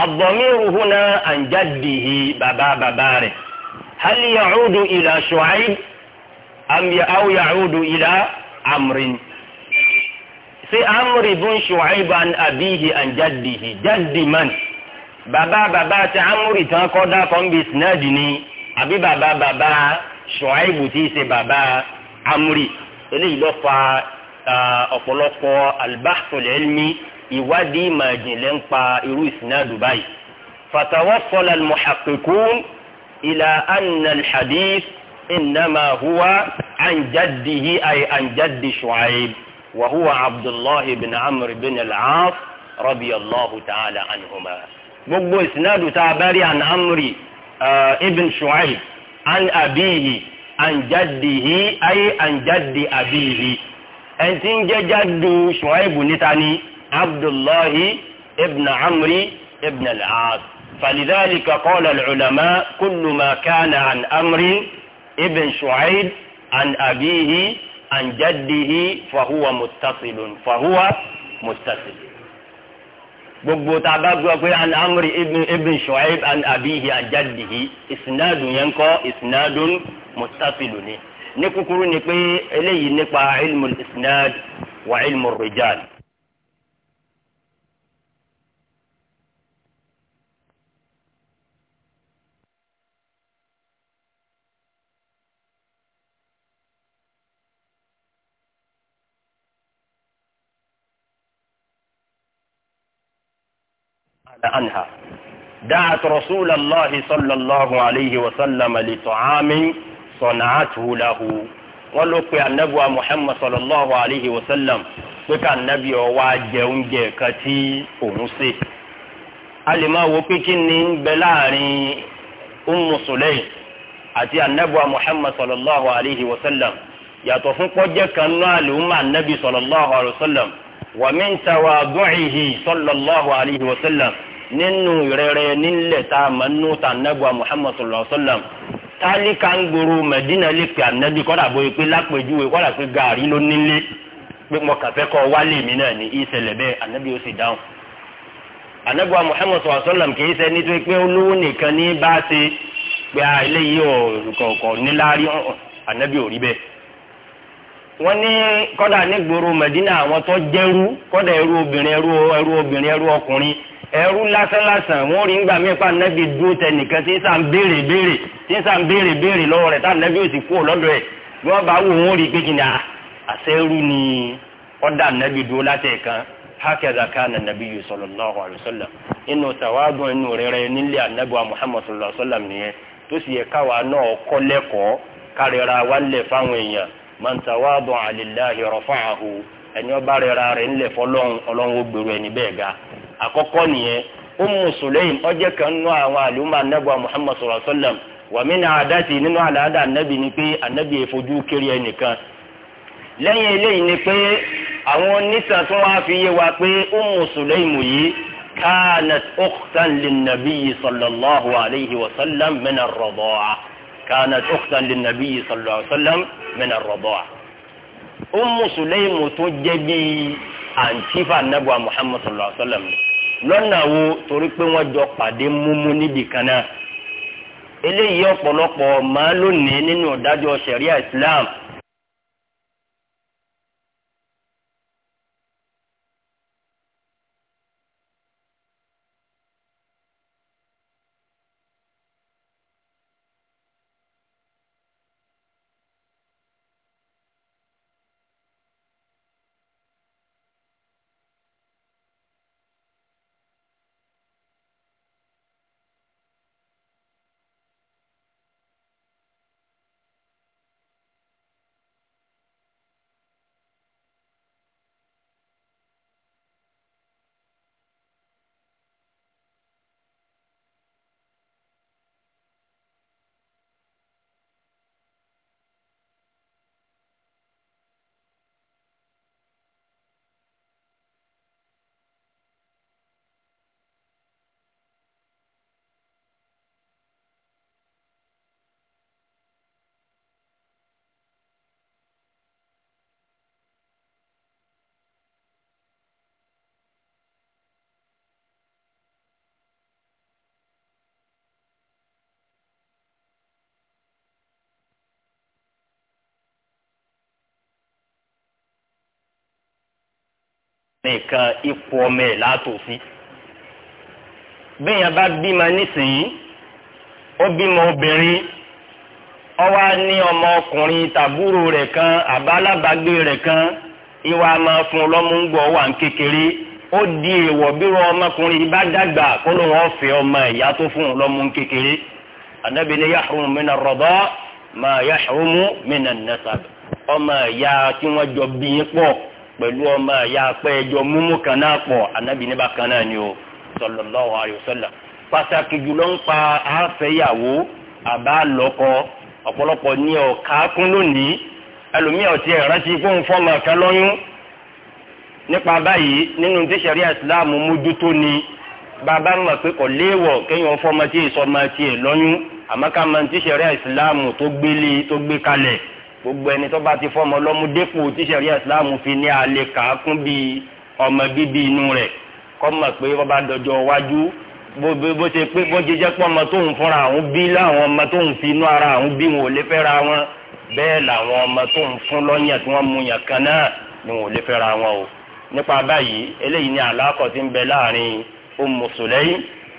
ad-damiru huna an jádìyì bàbá bàbá rẹ̀ hal ya'udu ila ṣùáì aw ya'udu ila amrin sí amúrì bún ṣùwáìbà àbíhì àjádìhì jádìmán bàbá bàbá àti amúrì tán kọ́ dákọ̀ ń bi sinadi ni àbí bàbá bàbá ṣùwáìbù tí í ṣe bàbá amúrì eléyìí ló fa ọ̀pọ̀lọpọ̀ albahsul ilmi ìwádìí ìmàjìnlẹ̀ ń pa irú ìsinadu báyìí fatawassal almuhaqqiqun ila anna alhadith innama huwa ay an ṣùwáìbù. وهو عبد الله بن عمرو بن العاص رضي الله تعالى عنهما gbogbo isnadu ta bari an amri uh, ibn shu'aib an abihi an jaddihi ay an jaddi abihi en tin je jaddu shu'aib nitani abdullah ibn amri ibn al-as فلذلك قال العلماء كل ما كان عن أمر ابن شعيب عن أبيه an jaddihi fahuwa muttasilun fahuwa muttasil gbogbo tá a bá gbọ́ pé an amri ibn ibn shu'aib an abihi an jaddihi isnadun yẹn kọ́ isnadun muttasilun ni ní kúkúrú ni pé eléyìí nípa ilmu isnad wa ilmu rijal. عنها دعت رسول الله صلى الله عليه وسلم لطعام صنعته له wọ́n ló pe anabiwa muhammad sallallahu alayhi wa sallam pé ká anabi ọ wá jẹ oúnjẹ kan tí òun ṣe. a lè máa wo pé kí ni ń bẹ láàrin ummu sulaym àti anabiwa muhammad sallallahu alayhi wa sallam yàtọ̀ fún pọ́jẹ́ kan náà lè umma anabi sallallahu alayhi wa sallam wa min tawadu'ihi sallallahu alayhi wa sallam nínú rẹ̀rẹ̀ nílẹ̀ tá a máa nù tà nẹ́gbà Muhammad sallallahu alayhi wa sallam tálíkà ń gbòòrò Mẹ̀dínà lè pè ànábì kọ́dà bóyá pé lápèjúwe kọ́dà pé gàárì ló nílé pé mo kàfẹ́ kọ́ wálé mi náà ní ìṣẹ̀lẹ̀ bẹ́ẹ̀ ànábì ó sì dáhùn ànábì wa Muhammad sallallahu alayhi wa sallam kì í ṣe nítorí pé olówó nìkan ní bá ṣe pé eléyìí ò kọ̀ọ̀kọ̀ níláárí ànábì ò rí bẹ́ẹ̀ wọ́n ní kọ́dà nígboro Medina àwọn tó jẹ́rú kọ́dà ẹrú obìnrin ẹrú ẹrú obìnrin ẹrú ọkùnrin ẹrú lásánlásán wọ́n rí ngbà mẹ́fà nẹ́bí dúró tẹnìkan tí ń sàn béèrè béèrè tí ń sàn béèrè béèrè lọ́wọ́ rẹ̀ tá nẹ́bí ò sì kú ọ̀lọ́dọ̀ ẹ̀ bí wọ́n bá wò wọ́n rí pé kìnìà ni kọ́dà nẹ́bí dúró látẹ̀ kan hakẹ́dà ká nà nàbí yìí man tawada'a lillahi rafa'ahu ẹni ọba rẹra rẹ̀ ńlẹ̀ fọlọ́run ọlọ́run ó gbèrú ẹni bẹ́ẹ̀ ga àkọ́kọ́ nìyẹn Ummu Sulaym ó jẹ́ kan nú àwọn àlùmọ́ anábọ̀ Muhammad sallallahu alaihi wasallam wàmí ní àdáṣe nínú àlàáda anábì ni pé anábì èfojú kiri ẹnìkan lẹ́yìn eléyìí ni pé àwọn onísàn tún wá fi yé wa pé Ummu Sulaym yìí kanat ukhtan lin nabiyyi sallallahu alaihi wasallam min ar-rada'a كانت أختا للنبي صلى الله عليه وسلم من الرضاعة أم سليم تجبي عن شفا النبوة محمد صلى الله عليه وسلم lọ́nà wo torí pé wọ́n jọ pàdé múmú níbì kan náà eléyìí ọ̀pọ̀lọpọ̀ máa إسلام. nìkan ipò ọmọ ẹ̀ látòsí. bẹ́ẹ̀yàn bá bímọ nísìnyí ó bímọ obìnrin ó wá ní ọmọ ọkùnrin tàbúrò rẹ̀ kan àbálábàgbé rẹ̀ kan ìwà máa fún lọ́mú ń gbọ́ wà ń kékeré ó di èèwọ̀ bírò ọmọkùnrin bá dàgbà kó ló wọ́n fẹ́ ọmọ ìyá tó fún lọ́mú ń kékeré Ànábì ní yahrumu mina rọ̀bọ́ ma yahrumu mina nasab ọmọ ìyá tí wọ́n jọ bí yín pọ̀ pẹ̀lú ọmọ ìyá apẹ́ ẹjọ́ múmú kan náà pọ̀ anábì níbà kan náà ni o sallallahu alaihi wasallam pàtàkì jùlọ ń pa àfẹ́yàwó àbá lọ́kọ ọ̀pọ̀lọpọ̀ ní ọ̀ka kún lónìí ẹlòmíì ọ̀tí ẹ̀rántí fún fọ́ọ̀mù ọ̀kan lọ́yún nípa báyìí nínú tí sẹ̀rí ìsìláàmù mójútó ni bàbá mọ̀ pé kò léèwọ̀ kéèyàn fọ́ọ̀mù tí ìsọmọ tiẹ̀ lọ́yún àmọ́ ká mọ̀ tí sẹ̀rí ìsìláàmù tó gbélé tó gbé kalẹ̀ gbogbo ẹni tó bá ti fọmọ lọ́múdépò tíṣẹ̀rí ìsìláàmù fi ní alẹ́ kàákún bíi ọmọ bíbí inú rẹ̀ kọ́ mọ̀ pé bọ́ bá dọjọ́ wájú bó ṣe pé bó ṣe jẹ́ pé ọmọ tóun fúnra àwọn bí láwọn ọmọ tóun fi inú ara àwọn bí wọn ò lè fẹ́ra wọn bẹ́ẹ̀ làwọn ọmọ tóun fún lọ́yàn tí wọ́n mú yàn kan náà ni wọn ò lè fẹ́ra wọn o nípa báyìí eléyìí ni àlàkọ̀ ti ń bẹ láàrin Ummu Sulaym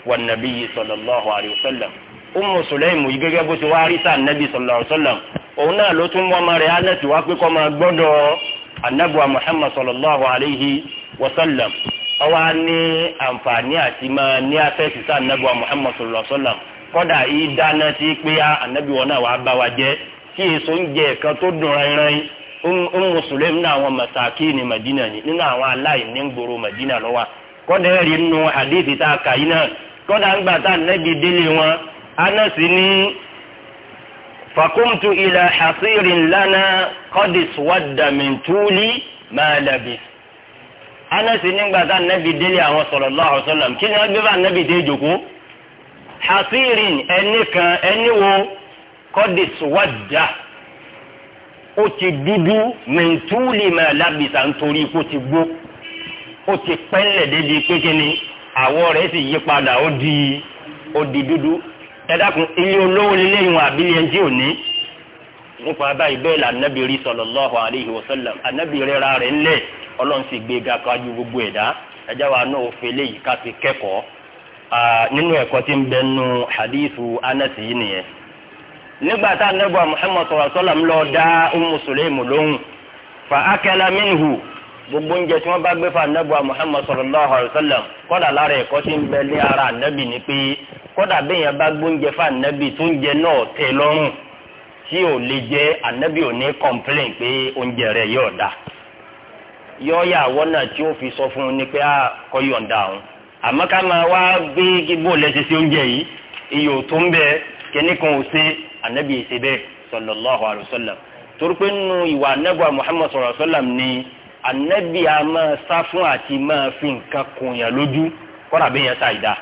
wa Nabi sallallahu alaihi wasallam Ummu Sulaym yìí gẹ́gẹ́ bó ṣe wá rí sáà Nabi sallallahu alaihi òun náà ló tún wọ́n máa rẹ̀ anẹ́tì wá pé kọ́ máa gbọ́dọ̀ anabuwa muhammad sallallahu alayhi wa sallam ọwọ́ á ní àǹfààní àti máa ní afẹ́sì sí anabuwa muhammad sallallahu alayhi wa sallam kọ́dà yìí dáná sí pé anabi wọn náà wàá bá wa jẹ́ kí èso ń jẹ ẹ̀kan tó dùn rẹ́rẹ́n ń mùsùlùmí nínú àwọn masaki ní madina ni nínú àwọn aláìní gbòòrò madina lọ́wọ́ kọ́dà ẹ̀rí nínú hadithi tá a kà yín náà kọ́dà ń gbà tá anabi délé wọn anẹ́sì ní. فقمت إلى حصير لنا قد اسود من طولي ما لبث Anas nígbà tá nẹ́bi délé àwọn sallallahu alaihi wasallam kí ni wọ́n gbé bá nẹ́bi dé jòkó hasirin ẹni kan ẹni wo qad iswadda ó ti dúdú min tuli ma nítorí kó ti gbó ó ti pẹ́lẹ̀ débi pé kí ni àwọ̀ rẹ̀ sì yí padà ó di ó di dúdú ẹ dákun iye olówó lélẹ́yìn wọn àbí ẹnjí òní nípa báyìí bẹ́ẹ̀ lànàbì rí sallallahu alaihi wasallam ànàbì rẹ́ra rẹ̀ ńlẹ̀ ọlọ́run sì gbé ga kájú gbogbo ẹ̀dá ẹjá wa náà òfin eléyìí ká fi kẹ́kọ̀ọ́ nínú ẹ̀kọ́ tí ń bẹ nu hadithu Anas yìí nìyẹn nígbà tá anábọ̀ Muhammad sallallahu alaihi wasallam lọ dá Ummu Sulaym lóhùn fa akala minhu gbogbo oúnjẹ tí wọn bá gbé fa anabu muhammad sallallahu alayhi wa sallam kọ́dà lára ẹ̀kọ́ tí ń bẹ ní ara anabi ni pé kódà béèyàn bá gbóúnjẹ fún ànábì tó ń jẹ náà tẹ lọ́rùn tí ò lè jẹ ànábì ò ní kọ̀ǹpléǹ pé oúnjẹ rẹ̀ yóò da yọ́ọ́yà àwọn náà tí ó fi sọ fún un ni pé ah, kọ́ yọ̀ǹda òun àmọ́ ká máa wá gbé bó lẹ́sẹ̀ sí oúnjẹ yìí iyò tó ń bẹ kíní ò ṣe ànábì ṣe bẹ́ẹ̀ sallallahu alaihi wasallam torí pé nínú ìwà ànábì Muhammad sallallahu ni anabi a máa sá fún àti máa fi nǹkan kùn yàn lójú kọ́ra bí yẹn ṣàìdá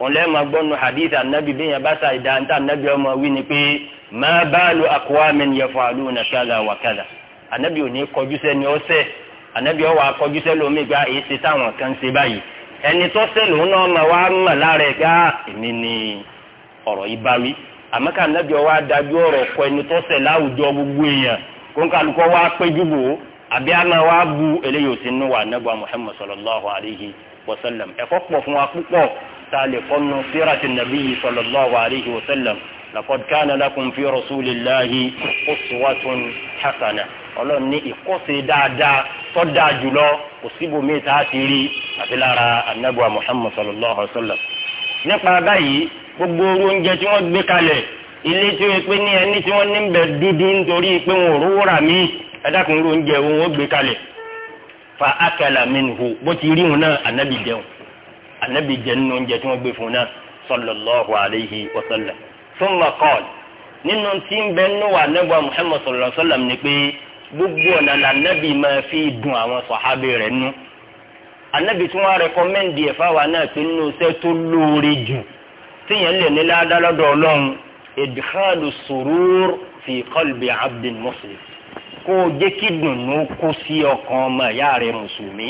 ònlẹ́ ma gbọ́nu hadith anabi bí yẹn bá sa ìdáńtà anabi ọmọ wí ni pé ma balu aqwamin yaf'aluna kaza wa kaza anabi ò ní kọjú sẹ́ni anabi o kọjú sẹ́ lómi gba èyí ṣe táwọn kan ṣe báyìí ẹni tó sẹ́ lòun náà ma wá lára ni ọ̀rọ̀ anabi ọ̀wà dájú ọ̀rọ̀ kọ ẹni tó sẹ́ láwùjọ gbogbo èèyàn kó ń kálukọ́ bu wa tààlẹ̀ kọ́nù sírati nàbí sallallahu alayhi wa sallam laqad kana lakum fi rasulillahi uswatun hasana ọlọ́run ní ìkọ́sẹ̀ dáadáa tó dáa jùlọ kò síbò míì tá a ti rí àti lára anabuwa muhammad sallallahu alayhi wa sallam. nípa báyìí gbogbo oúnjẹ tí wọ́n gbé kalẹ̀ ilé tí wọ́n pe ní ẹni tí wọ́n ní bẹ̀ dúdú nítorí pé wọn ò rówó rà mí ẹ̀dákùnrin oúnjẹ wọn ò gbé kalẹ̀ fa akala minhu bó ti rí wọn náà anabi dẹ̀hùn anabi jẹ nínú oúnjẹ tí wọ́n gbé fún náà sallallahu alayhi wa sallam thumma qala nínú tí ń bẹ nínú wa anagba muhammad sallallahu alayhi wa sallam ni pé gbogbo ọ̀nà la anabi máa fi dùn àwọn sọ̀hábì rẹ̀ nú anabi tí wọ́n rẹkọmẹ́ndì ẹ̀ fáwa náà pé nínú iṣẹ́ tó lóore jù tíyẹn lè ní ládàá ọlọ́run idkhalu surur fi qalbi abdin muslim kó o jẹ́ kí dùnú kó sí ọkàn ọmọ ìyá rẹ̀ mùsùlùmí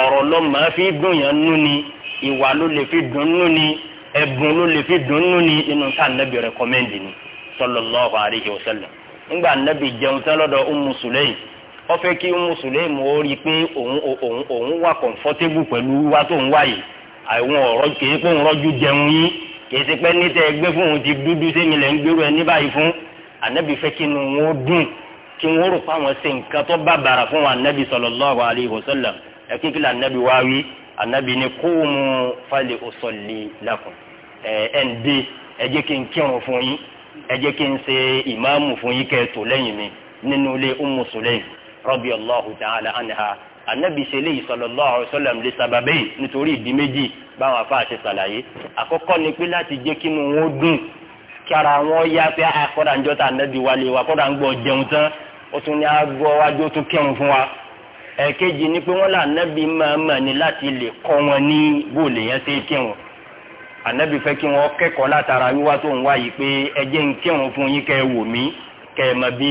ọ̀rọ̀ ló máa fi dùn yẹn nú ni ìwà ló lè fi dùnnú ni ẹ̀bùn ló lè fi dùnnú ni inú tá ànábì rẹ̀kọ́mẹ́ndì ni sallallahu alayhi wa sallam ńgbà ànábì jẹun sẹ́lọ́dọ̀ Ummu Sulaym ó fẹ́ kí Ummu Sulaym ó rí i pé òun òun òun wà kọ̀ǹfọ́tébù pẹ̀lú wá tó ń wáyé àwọn ọ̀rọ̀ kìí pé òun rọ́jú jẹun yín kìí ṣe pé níta ẹgbẹ́ fún òun ti dúdú sẹ́mi lẹ́ ń gbèrú ẹ ní báyìí fún ànábì fẹ́ kí inú wọn ó dùn kí wọn rò pé àwọn ṣe nǹkan tó bá bàrà fún wọn ànábì sallallahu alayhi wa sallam ẹ kíkìlà ànábì anabi ni kóòmù fali usalli lakum ẹ ẹ ń dé ẹ jẹ́ kí n kírun fún yín ẹ jẹ́ kí n ṣe ìmáàmù fún yín kẹ́ ẹ tò lẹ́yìn mi nínú ilé ummu sulaym radiyallahu ta'ala anha anabi ṣe léyìí sallallahu alaihi wasallam lè sábàbẹ́ nítorí ìdí méjì báwọn afáà ṣe ṣàlàyé àkọ́kọ́ ni pé láti jẹ́ kí inú wọn dùn kí ara wọn yá pé akọ́dà ah, ń jọ́ta anabi wálé wa akọ́dà ń gbọ́ jẹun tán ó tún ní agbọ́ wájú ó kírun fún wa ẹ̀kejì ni pé wọ́n là ànábì mọ̀ọ́mọ̀ ni láti lè kọ́ wọn ní bóòlù yẹn ṣe kírun ànábì fẹ́ kí wọ́n kẹ́kọ̀ọ́ látara wíwá tó ń wá yìí pé ẹ jẹ́ ń kírun fún yín kẹ́ ẹ wò mí kẹ́ ẹ mọ bí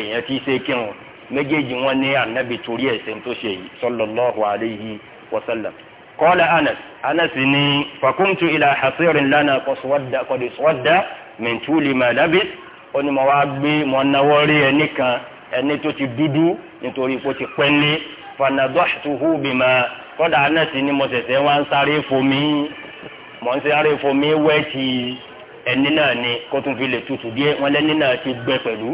èèyàn ti ṣe kírun méjèèjì wọn ní ànábì torí ẹ̀sìn tó ṣe yìí sallallahu alayhi wa sallam. qala anas anas ni fakumtu ila hasirin lana qad swadda min ó ní mo wá gbé mo náwó rí ẹnìkan ẹni tó ti dúdú nítorí kó ti pẹ́ lé fanadọ́ṣtuhu bìmọ̀ kọ́dà anẹ́sì ni mo ṣẹ̀ṣẹ̀ wá ń sáré fomi mọ̀ ń sáré fomi wẹ́ẹ̀tì ẹni náà ni kó tún fi lè tutù díẹ̀ wọn lẹ́ni náà ti gbẹ pẹ̀lú.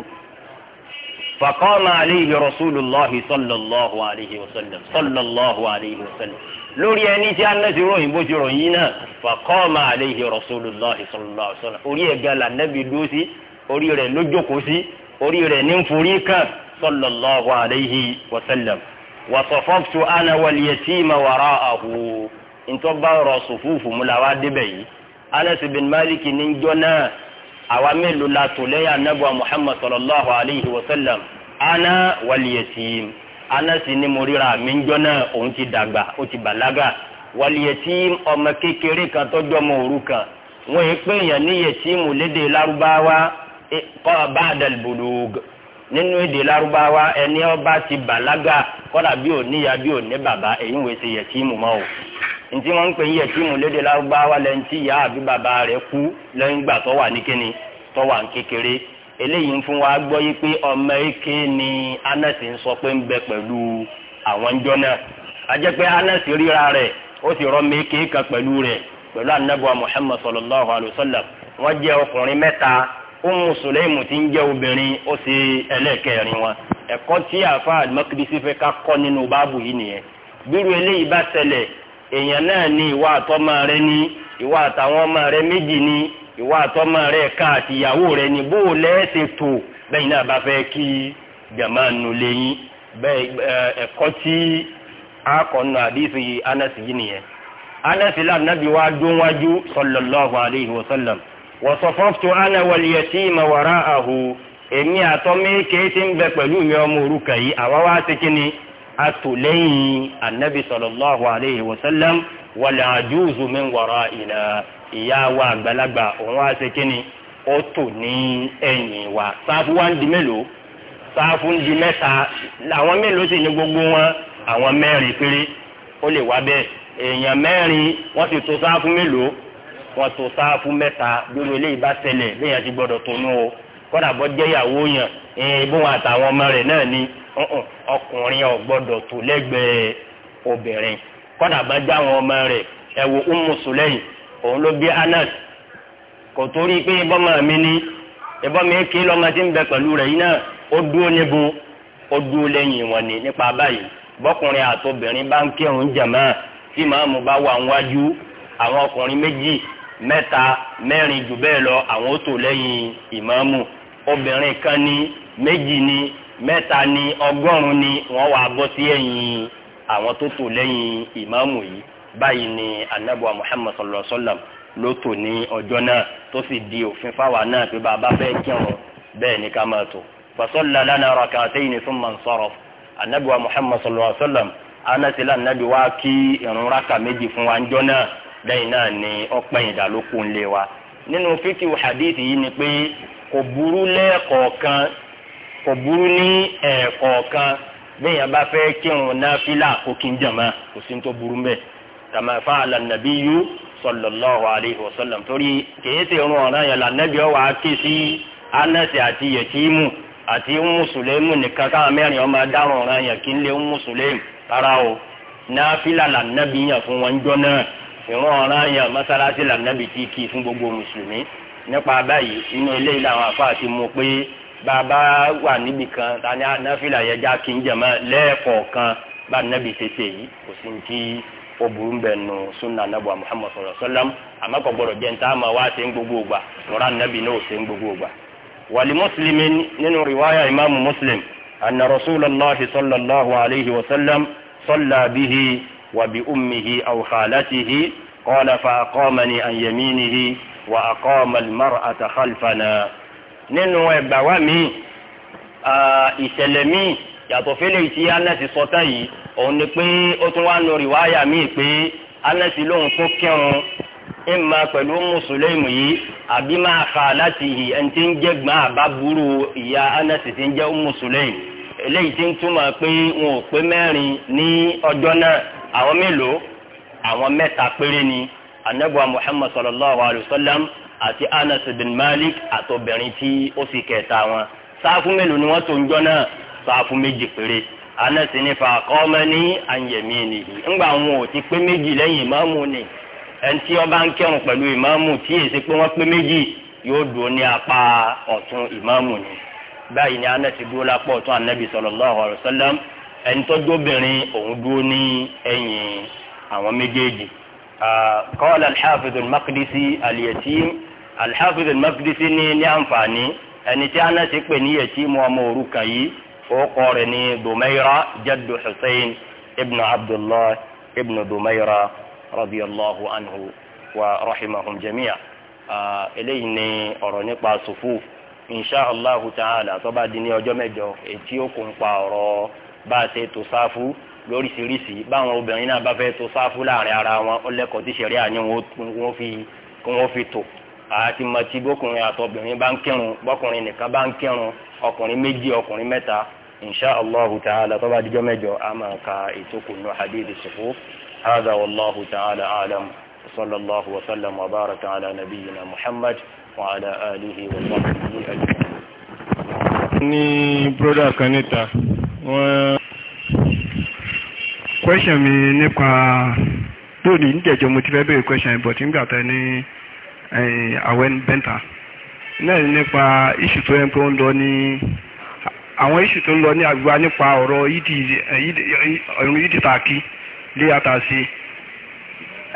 فقام عليه رسول الله صلى الله عليه وسلم صلى الله عليه وسلم lórí ẹni tí anabi ròyìn bó ti ròyìn náà فقام عليه رسول الله صلى الله عليه وسلم orí ẹ̀gá la nẹ́bi dúró sí orí rẹ̀ ló jókòó sí orí rẹ̀ ní nforí kan صلى الله عليه وسلم. وصففت safaftu واليتيم وراءه. yatima wara'ahu ntọ́ bá rọ sùfúfù mu مالك wá débẹ̀ لا Anas bin محمد صلى الله عليه وسلم. mélòó واليتيم. tó lẹ́yìn anabu Muhammad sallallahu alayhi wa sallam ana wal yatim Anas ní mo ríra mi jọ náà òun ti dàgbà ó ti bàlágà wal ọmọ kékeré kan tọ́jú ọmọ òrukàn wọ́n yìí pé èèyàn ní yatimu lédè lárúbáwá e, ba'da al bulugh. nínú èdè lárúbáwá ẹni ọba ti bàlágà kọ́dà bí ò níyà bí ò ní bàbá èyí wò ṣe yẹtíìmù mọ́ o ntí wọ́n ń pè ní yẹtíìmù lédè lárúbáwá lẹ́yìn tí ìyá àbí bàbá rẹ̀ kú lẹ́yìn gbà tó wà ní kíni wà ní kékeré eléyìí ń fún wa gbọ́ yí pé ọmọ eke ni anẹ́sì ń sọ pé ń bẹ pẹ̀lú àwọn ń jọ́nà ajẹ́ pé anẹ́sì ríra rẹ̀ ó sì rọ́mọ eke kan pẹ̀lú rẹ̀ pẹ̀lú anábọ̀ Muhammad sallallahu alayhi wa sallam wọ́n jẹ́ ọkùnrin mẹ́ta Ummu Sulaimu tí ń jẹ́ obìnrin ó sì ẹlẹ́ẹ̀kẹrin wọn ẹ̀kọ́ tí àfa àdìmọ́kìdísí fẹ́ ká kọ́ nínú báàbù yìí nìyẹn bírú eléyìí bá ṣẹlẹ̀ èèyàn náà ní ìwà àtọ́mọ rẹ ní ìwà àtàwọn ọmọ rẹ méjì ní ìwà àtọ́mọ rẹ ká àti ìyàwó rẹ ní bó o lẹ́ẹ̀ṣẹ̀ tó bẹ́ẹ̀ náà bá fẹ́ kí jàmá nu lẹ́yìn bẹ́ẹ̀ ẹ̀kọ́ tí a kọ́ nù àdìsí Anas yìí nìyẹn wọ́sọ̀fọ́fù ana wàlìyẹtì màwàrà àhù èmi àtọ́ méèké ti ń bẹ pẹ̀lú mi ọmọ òrukàn yìí àwa wá ti kí ni atòlẹ́yìn anabi sallallahu alayhi wa sallam wàlẹ̀ àjúùzù mi wàrà ìlà ìyá wa àgbàlagbà òun wá ti kí ni ó tò ní ẹ̀yìn wa sáfù wá ń di mélòó sáfù ń di mẹ́ta àwọn mélòó sì ní gbogbo wọn àwọn mẹ́rin péré ó lè wá bẹ́ẹ̀ èèyàn mẹ́rin wọ́n sì tó sáfù mélòó wọn tó sáfù mẹ́ta lórí eléyìí bá ṣẹlẹ̀ léyìn àti gbọ́dọ̀ tó nú o kódà bọ́ jẹ́ ìyàwó yàn ìbọn eh, àtàwọn ọmọ rẹ̀ náà ni ọkùnrin ò gbọ́dọ̀ tó lẹ́gbẹ̀ẹ́ obìnrin kódà bá já àwọn ọmọ rẹ̀ Anas kò torí pé mi ni lọmọ tí ń bẹ yìí náà ó dúró níbo ó dúró wọn ni nípa báyìí bá ń mẹ́ta mẹ́rin jù bẹ́ẹ̀ lọ àwọn ó tò lẹ́yìn ìmáàmù obìnrin kan ní méjì ní mẹ́ta ní ọgọ́rùn-ún ní wọ́n wàá bọ́ sí ẹ̀yìn àwọn tó tò lẹ́yìn ìmáàmù yìí báyìí ni anabuwa muhammad sallallahu alaihi wa sallam ló tò ní ọjọ́ náà tó sì di òfin fáwa náà pé bàbá bẹ́ẹ̀ kírun bẹ́ẹ̀ ni ká máa tò fasọ́lá lánàá rak'atayn thumma insarafa anabuwa muhammad sallallahu alaihi wa sallam anasila anabi wa kí ìrun rákà méjì wa ń jọ lẹ́yìn náà ni ọpẹ́ ìdálókù ń lé wa nínú fíkì hadith yìí ni pé kò burú lẹ́ẹ̀kọ̀ọ̀kan kò burú ní ẹ̀ẹ̀kọ̀ọ̀kan bẹ́ẹ̀yàn bá fẹ́ kírun náfìlà kó kí n jàmá kò sí tó burú mbẹ́ tàmá fáàlà nàbíyú sallallahu alayhi wa sallam torí kìí ṣe irun ọ̀ràn yẹn lànàbí ọ̀wà ké sí anasi àti yẹtìmù àti mùsùlẹ́mù nìkan káwọn mẹ́rin ọmọ adáhùn ọ̀ràn yẹn kí n lé mùsùlẹ́mù rárá o náfìlà lànàbí yẹn fún wọn jọ náà ìran ọ̀ràn yẹn mọ́sálásí làmúnábì tí kì í fún gbogbo mùsùlùmí nípa báyìí inú eléyìí làwọn àfa ti mú pé bàbá wà níbì kan ta ni anáfìlà yẹn já kí n jẹ̀mọ́ lẹ́ẹ̀kọ̀ọ̀kan bá nábì tètè yìí kò sí ní ti obìnrin bẹ̀ nù sunna anabu muhammad sallallahu alaihi wa sallam àmọ́ kò gbọ́dọ̀ jẹ́ níta ma wá sí gbogbo ògbà lọ́ra nábì náà ò sí gbogbo ògbà. wàlí mùsùlùmí nínú riwaya imaamu muslim anna rasulallah sallallahu alaihi wa sallam sallà وبأمه أو خالته قال فأقامني عن يمينه وأقام المرأة خلفنا nínú ẹgbà wa mi ìṣẹ̀lẹ̀ mi yàtọ̀ fẹ́lẹ̀ tí anẹ́sì sọtá yìí òun ni pé ó tún wá nù rìwáyà mi pé anẹ́sì lòun tó kírun ń ma pẹ̀lú mùsùlùmí yìí àbí máa kà láti yìí ẹni tí ń jẹ́ gbọ́n àbábúrú ìyá anẹ́sì tí ń jẹ́ mùsùlùmí eléyìí tí ń túmọ̀ pé wọn ò pé mẹ́rin ní ọjọ́ náà àwọn mélòó àwọn mẹ́ta péré ni anabuwa muhammad sallallahu alayhi wa sallam àti anas bin malik àtọbìnrin tí ó sì kẹta wọn sáfù mélòó ni wọ́n tó ń jọ náà sáfù méjì péré anas ní fa kọ́mẹ́ ní àyẹ̀mí nìyí ńgbà wọn ò ti pé méjì lẹ́yìn ìmáàmù ni ẹni tí ó bá ń kírun pẹ̀lú ìmáàmù tí èsì pé wọ́n pé méjì yóò dùn ní apá ọ̀tún ìmáàmù ni báyìí ni anas dúró lápá ọ̀tún anabi sallallahu alayhi wa sallam ẹni tọ́jọ́bìnrin òun dúró ní ẹ̀yìn àwọn méjèèjì. qala al-hafiz al-maqdisi al-yatim al-hafiz al-maqdisi ní ní àǹfààní ẹni tí aná ti pè ní yatimu ọmọ òrukàn yìí orúkọ rẹ̀ ní dumaira jaddu hussein ibn abdullah ibn dumaira radiyallahu anhu wa rahimahum jamiya eléyìí ni ọ̀rọ̀ nípa sufuf inshàlláhu ta'ala tó di ní ọjọ́ mẹ́jọ èyí ó kún pa ọ̀rọ̀ bá a ṣe tó sáfù lóríṣiríṣi báwọn obìnrin náà bá fẹ́ tó sáfù láàrin ara wọn ó lẹ́kọ̀ọ́ tí sẹ̀rí àní wọn fi kí wọ́n fi tò àti mọ̀tí bọ́kùnrin àtọ̀bìnrin bá ń kírun bọ́kùnrin nìkan bá ń kírun ọkùnrin méjì ọkùnrin mẹ́ta insha allahu ta'ala tó bá dijọ́ mẹ́jọ a máa ka ètò kùnú hadith sùfú hadha wallahu ta'ala alam صلى الله وسلم وبارك على نبينا محمد وعلى آله وصحبه أجمعين. ní broda kan níta question mi nípa lónìí níjẹ̀jọ́ mo ti fẹ́ béèrè question but nígbà tẹ ní àwọn bẹ́ńtà náà nípa lọ ní àwọn issue tó ń lọ ní àgbà nípa ọ̀rọ̀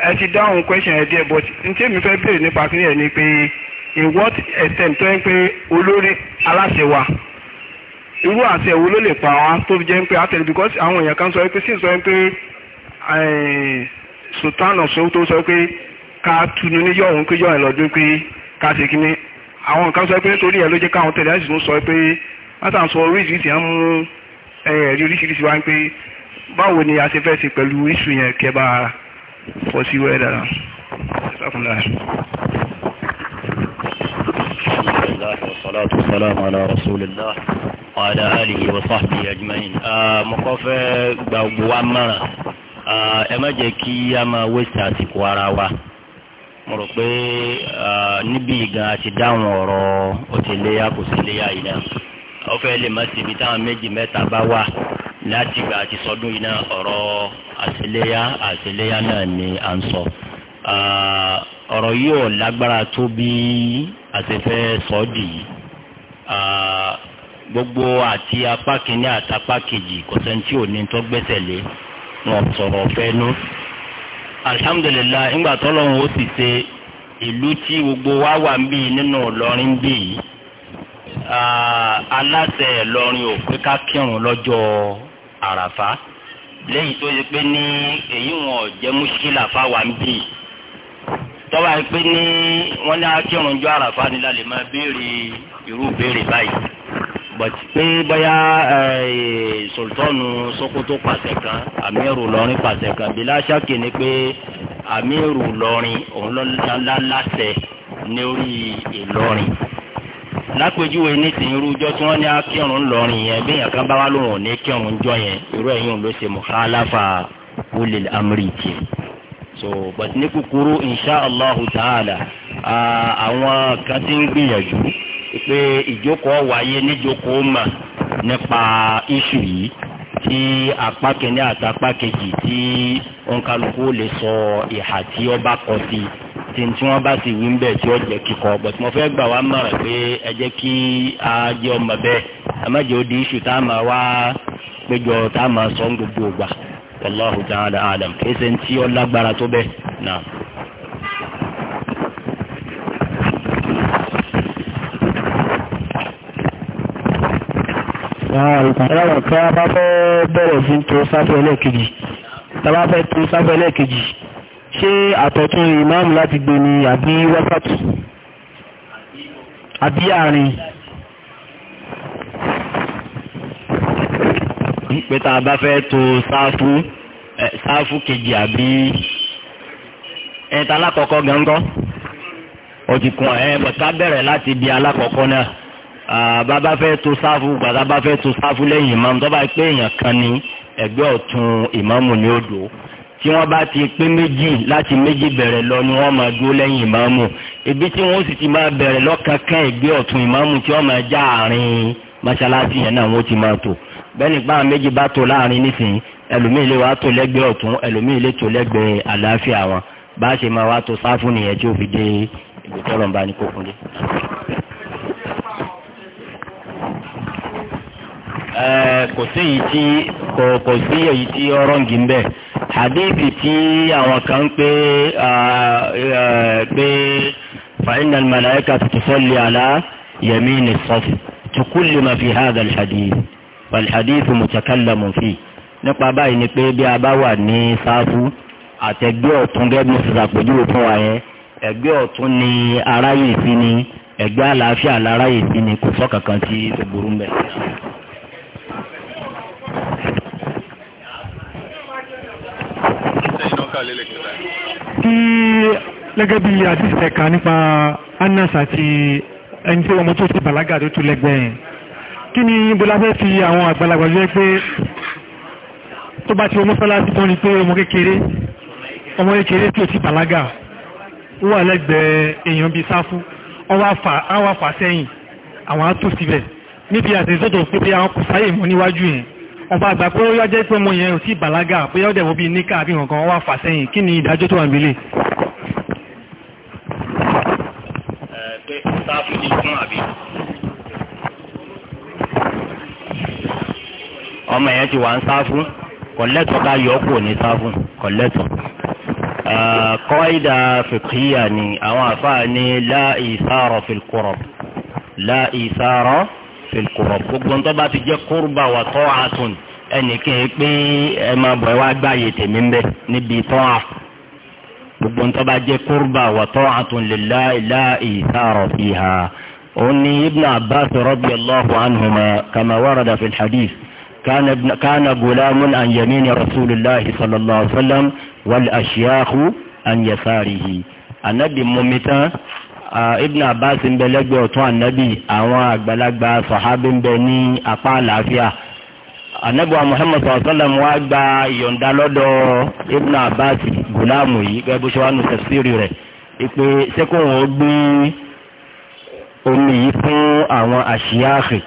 ẹ ti dáhùn question ẹ díẹ̀ but n tí èmi fẹ́ béèrè nípa kí ẹ ní pé in what extent tó yẹn pé olórí aláṣẹ wa. irú àṣẹ wo ló lè pa wá tó jẹ́ pé àtẹ̀lé because àwọn èèyàn kan sọ pé sì sọ pé sultan of Sokoto sọ pé ká tunu ní yọ̀hún pé yọ̀hún lọ́dún pé ká ṣe kíní àwọn kan sọ pé nítorí ẹ̀ ló jẹ́ káwọn tẹ̀lé àìsàn sọ pé látà sọ oríṣiríṣi àwọn mú ẹ̀rí oríṣiríṣi wá pé báwo ni a ṣe fẹ́ ṣe pẹ̀lú iṣu yẹn kẹba fọ́ sí wẹ́ẹ́ dára. الله والصلاة والسلام على رسول الله وعلى آله وصحبه أجمعين مقفى gbogbo wa mọ̀ràn ẹ má jẹ́ kí a máa wéṣẹ̀ àsìkò ara wa mo rò pé níbi ìgbà àti dáhùn ọ̀rọ̀ òtẹ̀léyà kò sí léyà yìí náà ó fẹ́ lè má síbi táwọn méjì mẹ́ta bá wà láti ìgbà àti sọdún yìí náà ọ̀rọ̀ àṣeléyà àṣeléyà náà ni à ń sọ ọ̀rọ̀ yìí ò lágbára tó bí àṣefẹ́ sọ́ọ́dì yìí gbogbo àti apá kìíní àti apá kejì kò sẹ́ni tí ò ní tó gbẹ́sẹ̀ lé wọn sọ̀rọ̀ fẹ́ nú. alhamdulilayi ńgbà tọ́lọ́run ó sì ṣe ìlú tí gbogbo wa wà ń bí nínú Ìlọrin bí yìí aláṣẹ Ìlọrin ò pé ká kírun lọ́jọ́ àràfá lẹ́yìn tó ṣe pé ní èyí wọn ò jẹ́ múṣíkìlà fáwa ń bí tọ́ba yìí pé ní wọ́n ní akírun jọ àràfá ni la lè máa béèrè irú béèrè báyìí but pé bóyá eh, sultanu Sokoto pàṣẹ kan amiru lọrin pàṣẹ kan bí láṣáké ni pé amiru lọrin òun lọ́la láṣẹ ní orí Ìlọrin lápèjúwe ní ti irú ọjọ́ tí wọ́n ní akírun ńlọrin yẹn bí èèyàn kan bá wá lóhùn ní kírun jọ yẹn irú ẹ̀yìn ló ṣe mukhalafa ulil amri tiẹ̀ so but ní kúkúrú insha Allahu ta'ala ah, àwọn kan ti ń gbìyànjú. pé ìjókòó wáyé níjókòó mà nípa iṣu yìí tí apá kìíní àti apá kejì sọ ìhà tí ó bá kọ sí tí tí bá sì wí ń bẹ̀ tí ó jẹ́ kíkọ mo gbà wá pé ẹ kí a jẹ́ ọmọ di iṣu tá a máa wá péjọ tá a máa sọ ń gbogbo ògbà kí ń tí ọ lágbára ẹ̀rọ pé a bá fẹ́ bẹ̀rẹ̀ sí tó sáfẹ́ ẹlẹ́ẹ̀kejì tàbá fẹ́ tó sáfẹ́ ẹlẹ́ẹ̀kejì ṣé àtọ̀tún ìmáàmù láti gbé ni àbí wákàtí àbí àárín pé tá a bá fẹ́ tó sáfú sáfú kejì àbí ẹ̀ta alákọ̀ọ́kọ́ gangan ó ti kún ẹ̀ bọ̀tá bẹ̀rẹ̀ láti di alákọ̀ọ́kọ́ náà bàbá fẹ́ to sáfù gbàdá bá fẹ́ to sáfù lẹ́yìn ìmáàmù tó bá pé èèyàn kan ní ẹgbẹ́ ọ̀tún ìmáàmù ní odò tí wọ́n bá ti pé méjì láti méjì bẹ̀rẹ̀ lọ ni wọ́n máa dúró lẹ́yìn ìmáàmù ibi tí wọ́n sì ti máa bẹ̀rẹ̀ lọ́kànkán ẹgbẹ́ ọ̀tún ìmáàmù tí wọ́n máa já àárín mọ́ṣáláṣí yẹn náà wọ́n ti máa tò bẹ́ẹ̀ni báwọn méjì bá tó láàrin nísìnyí ẹlòmíì lè wá tó lẹ́gbẹ̀ẹ́ ọ̀tún ẹlòmíì lè tó lẹ́gbẹ̀ẹ́ àlàáfíà wọn bá a ṣe máa wá tó sáfù nìyẹn tí ó fi dé ìgbésọ̀rọ̀ ń bá ní kókun dé. Eh, kò sí èyí tí kò sí èyí tí ọ̀rọ̀ ń gìn bẹ́ẹ̀ hadithi tí àwọn kan pé eh, eh, pé fa'inna al-malaika tusalli ala yamin as-saf tukulli ma fi hadha al-hadith wal-hadith mutakallamun fi nípa báyìí ni pé bí a bá wà ní sáfù àtẹ̀gbẹ́ ọ̀tún gẹ́gẹ́ bí fún wa yẹn ẹ̀gbẹ́ ọ̀tún ni aráyè sí ni ẹ̀gbẹ́ àlàáfíà láráyè sí ni kò sọ tí ó burú mbẹ. tí gẹ́gẹ́ bí àdìsẹ̀ kan nípa anas àti ẹni tí ọmọ tó ti bàlágà tó tún lẹ́gbẹ̀ẹ́ kí ni bọ́lá fẹ́ fi àwọn àgbàlagbà jẹ́ pé tó bá ti ọmọ fẹ́láṣí tán ni pé ọmọ kékeré ọmọ kékeré tí ó ti bàlágà ó wà lẹ́gbẹ̀ẹ́ èèyàn bíi sáfú àwọn afà sẹ́yìn àwọn á tò síbẹ̀ níbi àtẹ̀sọ́tò pé àwọn kò sáyè mọ́ níwájú yẹn ọba àgbà pé ó yọjẹ́ pé mo yẹn ò tí bàlágà pé ọ̀dẹ̀ wo bí níkà àbí nǹkan wá fà sẹ́yìn kí ni ìdájọ́ tó wà nílé. pé ọmọ yẹn ti wà ń sáfù kọ̀lẹ́tọ̀ ká yọ kúrò ní sáfù kọ̀lẹ́tọ̀. kọ́ìdà fìkìyà ni àwọn àfáà ní láìsáàrọ̀ fìlkùrọ̀ láìsáàrọ̀ fìlkùrọ̀ gbogbo ń tọ́ba ti jẹ́ kúrúbà wà tọ́ àtún ẹnìkan yìí pé ẹ máa bọ̀ ẹ wá gbáyé tèmi mbẹ níbi tọ́ à gbogbo ń tọ́ba jẹ́ kúrúbà wà tọ́ àtún lèlá ìlà ìsàrọ̀ fi hà òun ni ibn abbas radiyallahu anhuma kama warada fi hadith كان غلام عن يمين رسول الله صلى الله عليه وسلم والأشياخ عن يساره النبي ممتان ibn abbas ń bẹ lẹ́gbẹ̀ẹ́ ọ̀tún ànábì àwọn àgbàlagbà sọ̀hábí ń bẹ ní apá àlàáfíà anabiwa muhammad sallam wa gba ìyọ̀ǹda lọ́dọ̀ ibn abbas gùlámù yìí gẹ́gẹ́ bó ṣe wà nù tafsiri rẹ̀ ìpè sẹ́kùn wọn gbé omi yìí fún àwọn àṣìyáàfẹ́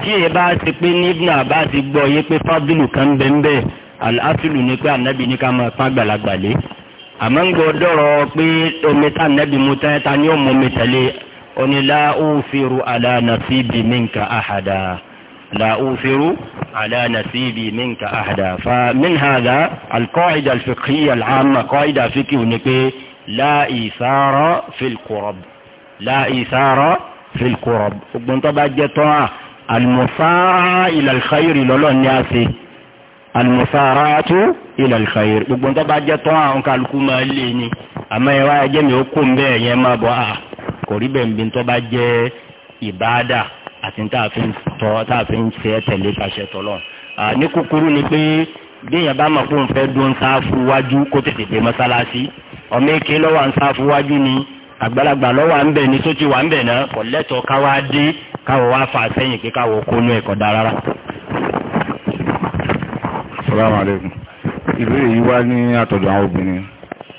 tí èyí bá ti pé ní ibn abbas gbọ́ yé pé fábílù kan bẹ́ẹ̀ bẹ́ẹ̀ aláfílù ni pé ànábì ní ká máa pán àgbàlagbà lé àmọ́ ń gbọ́ dọ̀rọ̀ pé omi tá nẹ́bí mu tẹ́ ta ni ó mú mi tẹ̀lé oní láòfìrú aláàánàfíìbì mìǹkà àhàdà láòfìrú aláàánàfíìbì mìǹkà àhàdà fa minhada alqaida alfiqhiyya al'amma qaida fiqhi ni pé láìsáárọ̀ filkurọ̀b láìsáárọ̀ filkurọ̀b ogun tó bá jẹ́ tán à almusaara ilal khayri ni a ṣe alimusaratu ilẹ̀ alkhair gbogbo nǹkan bá jẹ́ tán àwọn kálukú máa lé ní àmọ́ ẹ wá ẹjẹ́ mi ó kó ń bẹ́ẹ̀ yẹn máa bọ̀ à kò rí bẹ́ẹ̀ nbí tó bá jẹ́ ìbáadà àti táàfin tọ́ táàfin ṣe é tẹ̀lé pàṣẹ tọ́lọ̀ ní kúkúrú ni pé bí bá mọ̀ pé òun fẹ́ dún sáfù wájú kó tètè dé mọ́sálásí ọmọ èké lọ́wọ́ à wájú ni àgbàlagbà lọ́wọ́ à ń bẹ̀ ní tó wà ń bẹ̀ náà kò lẹ́tọ̀ọ́ káwá dé káwọ́ wá fà sẹ́yìn pé káwọ́ kónú ẹ̀kọ́ dára rárá. Assalamu alaikum. Ìbéèrè yìí wá ní àtọ̀dọ̀ àwọn obìnrin.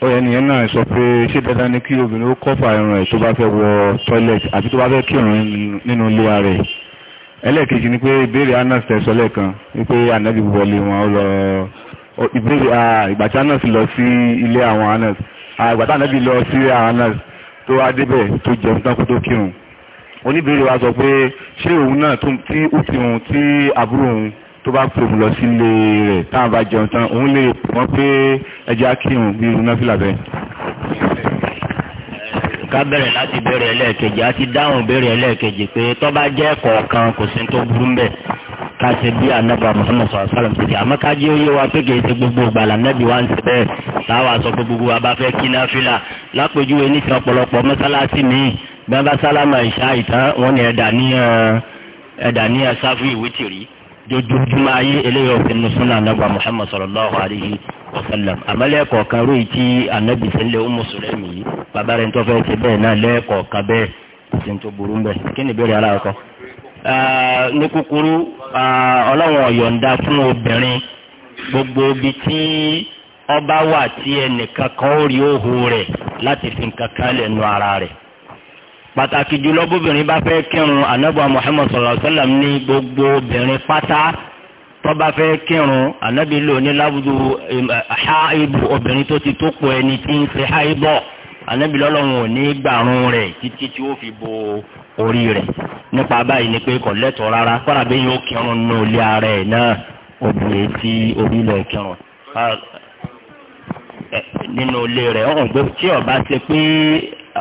Ó yẹ nìyẹn náà sọ pé ṣé dandan ni kí obìnrin ó kọ́fà irun ẹ̀ tó bá fẹ́ wọ toilet àti tó bá fẹ́ kírun nínú ilé rẹ̀. Ẹlẹ́ẹ̀kejì ni pé ìbéèrè Anas tẹ̀sọ́ lẹ́ẹ̀kan wípé ànábì wọlé wọn ó lọ ìbéèrè ìgbà Anas lọ sí ilé àwọn Anas ìgbà tí ànábì lọ sí àwọn Anas tó wá débẹ̀ tó jẹun tán kó tó kírun oníbèrè wa sọ pé ṣé òun náà tí ó ti hùn tí àbúrò òun tó bá pè lọ sílé rẹ̀ táwọn bá jẹun tán òun lè wọ́n pé ẹja kírun bí irun náà fìlà bẹ́ẹ̀. ká bẹ̀rẹ̀ láti bẹ̀rẹ̀ ẹlẹ́ẹ̀kejì á ti dáhùn bẹ̀rẹ̀ ẹlẹ́ẹ̀kejì pé tó bá jẹ́ kọ̀ọ̀kan kò sí tó burú mbẹ̀ ká ṣe bí anábà Muhammad sọ̀rọ̀ sálọ̀ ṣe àmọ́ ká jẹ́ oyé wa pé kìí ṣe gbogbo ìgbàlà nẹ́bí wa ń ṣe bẹ́ẹ̀ táwa sọ pé gbogbo wa bá fẹ́ kí náà fìlà lápèjúwe ní ọ̀pọ̀lọpọ̀ mọ́sálásí míì bí wọ́n bá sálámà ìṣá ìtàn wọn ni ẹ̀dà ní ẹ̀dà ní ẹ̀sáfù ìwé tìrì jojoojúmọ́ ayé eléyìí òfin nusúnà anábà muhammad sallallahu alayhi wa sallam àmàlẹ́ kọ̀ọ̀kan rú ìtí anábì sílẹ̀ ó mùsùlùmí yìí bàbá ń tọ́ fẹ́ ṣe náà lẹ́ẹ̀kọ̀ọ̀kan bẹ́ẹ̀ kò sí ní tó burú kí ni gbogbo ibi tí ọba wà tí ẹnìkan kan ó rí òhù rẹ̀ láti pàtàkì jùlọ bóbìnrin bá fẹ́ kírun anábọ̀ muhammad sallallahu alaihi wasallam ní gbogbo obìnrin pátá tó bá fẹ́ kírun anábì lò ní lábùdù haibu obìnrin tó ti tó pọ̀ ẹni tí ń ṣe haibọ̀ anábì lọ́lọ́run ò ní gbàrún rẹ̀ títí tí ó fi bo orí rẹ̀ nípa báyìí ni pé kò lẹ́tọ̀ọ́ rárá kọ́ra bí yóò kírun nù ilé ara ẹ̀ náà obìnrin tí orílẹ̀ kírun nínú ilé rẹ̀ ọ̀hún gbé tí ọba ṣe pé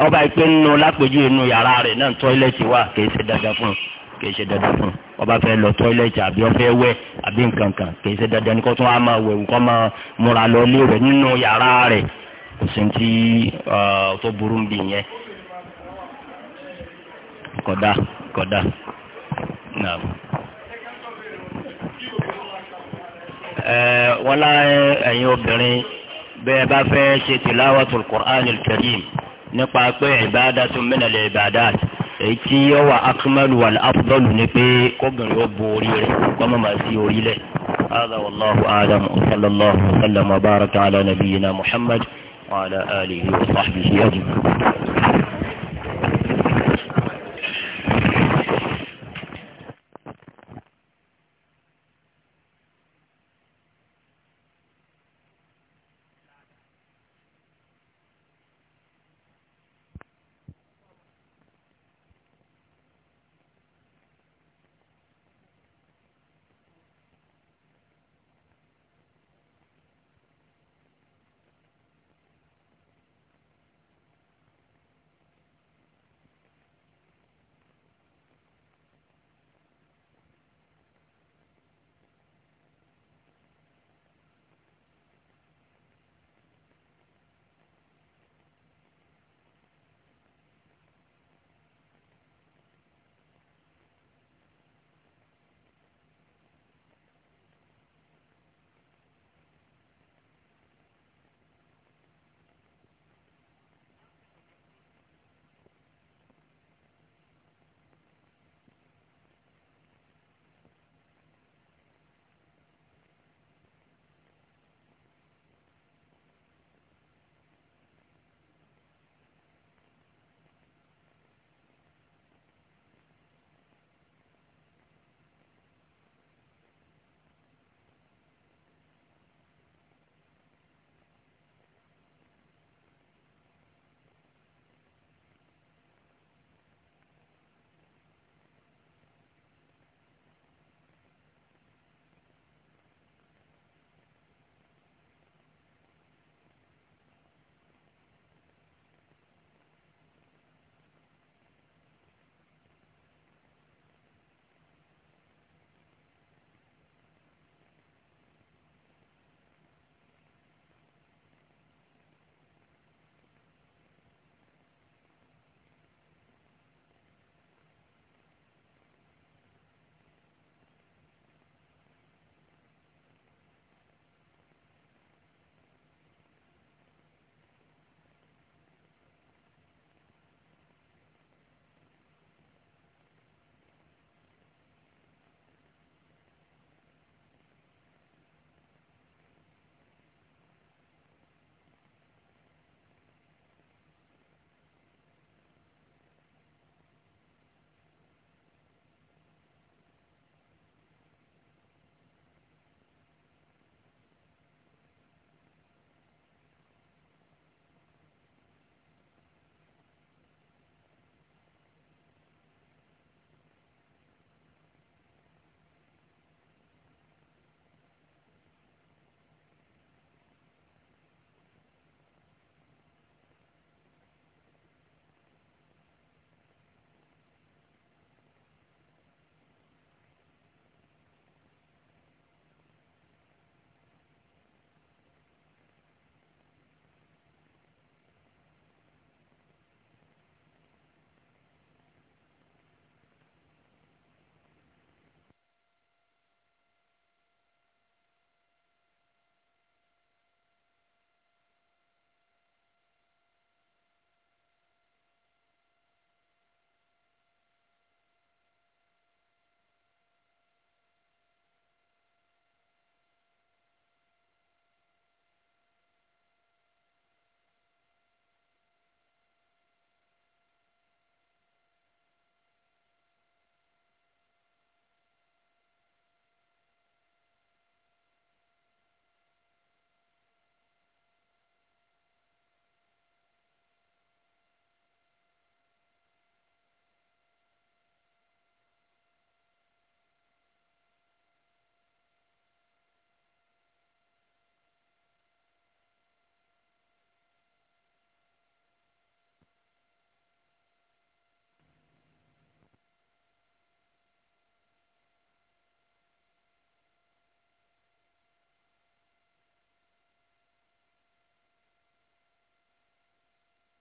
ọba ìpè nínú lápèjú inú yàrá rẹ̀ náà tọ́ílẹ̀tì wà kìí ṣe dandan fún kìí ṣe dandan fún ọba fẹ́ lọ tọ́ílẹ̀tì àbí ọfẹ́ wẹ̀ àbí nǹkan kan kìí ṣe dandan ní kó tún wá máa wẹ̀wù kó máa múra lọ lé rẹ̀ nínú yàrá rẹ̀ kò sí ti tó burú bì yẹn kódà kódà náà. wọ́n láyé ẹ̀yin obìnrin bẹ́ẹ̀ bá fẹ́ ṣe tìláwàtul Qur'anil Karim nípa pé ìbádàtun minal ìbádàt èyí tí yóò wà akmalu wal afdalu ni pé kóbìnrin ó bo orí rẹ̀ kọ́mọ́ máa sí orí lẹ̀. هذا والله أعلم وصلى الله وسلم وبارك على نبينا محمد وعلى آله وصحبه أجمعين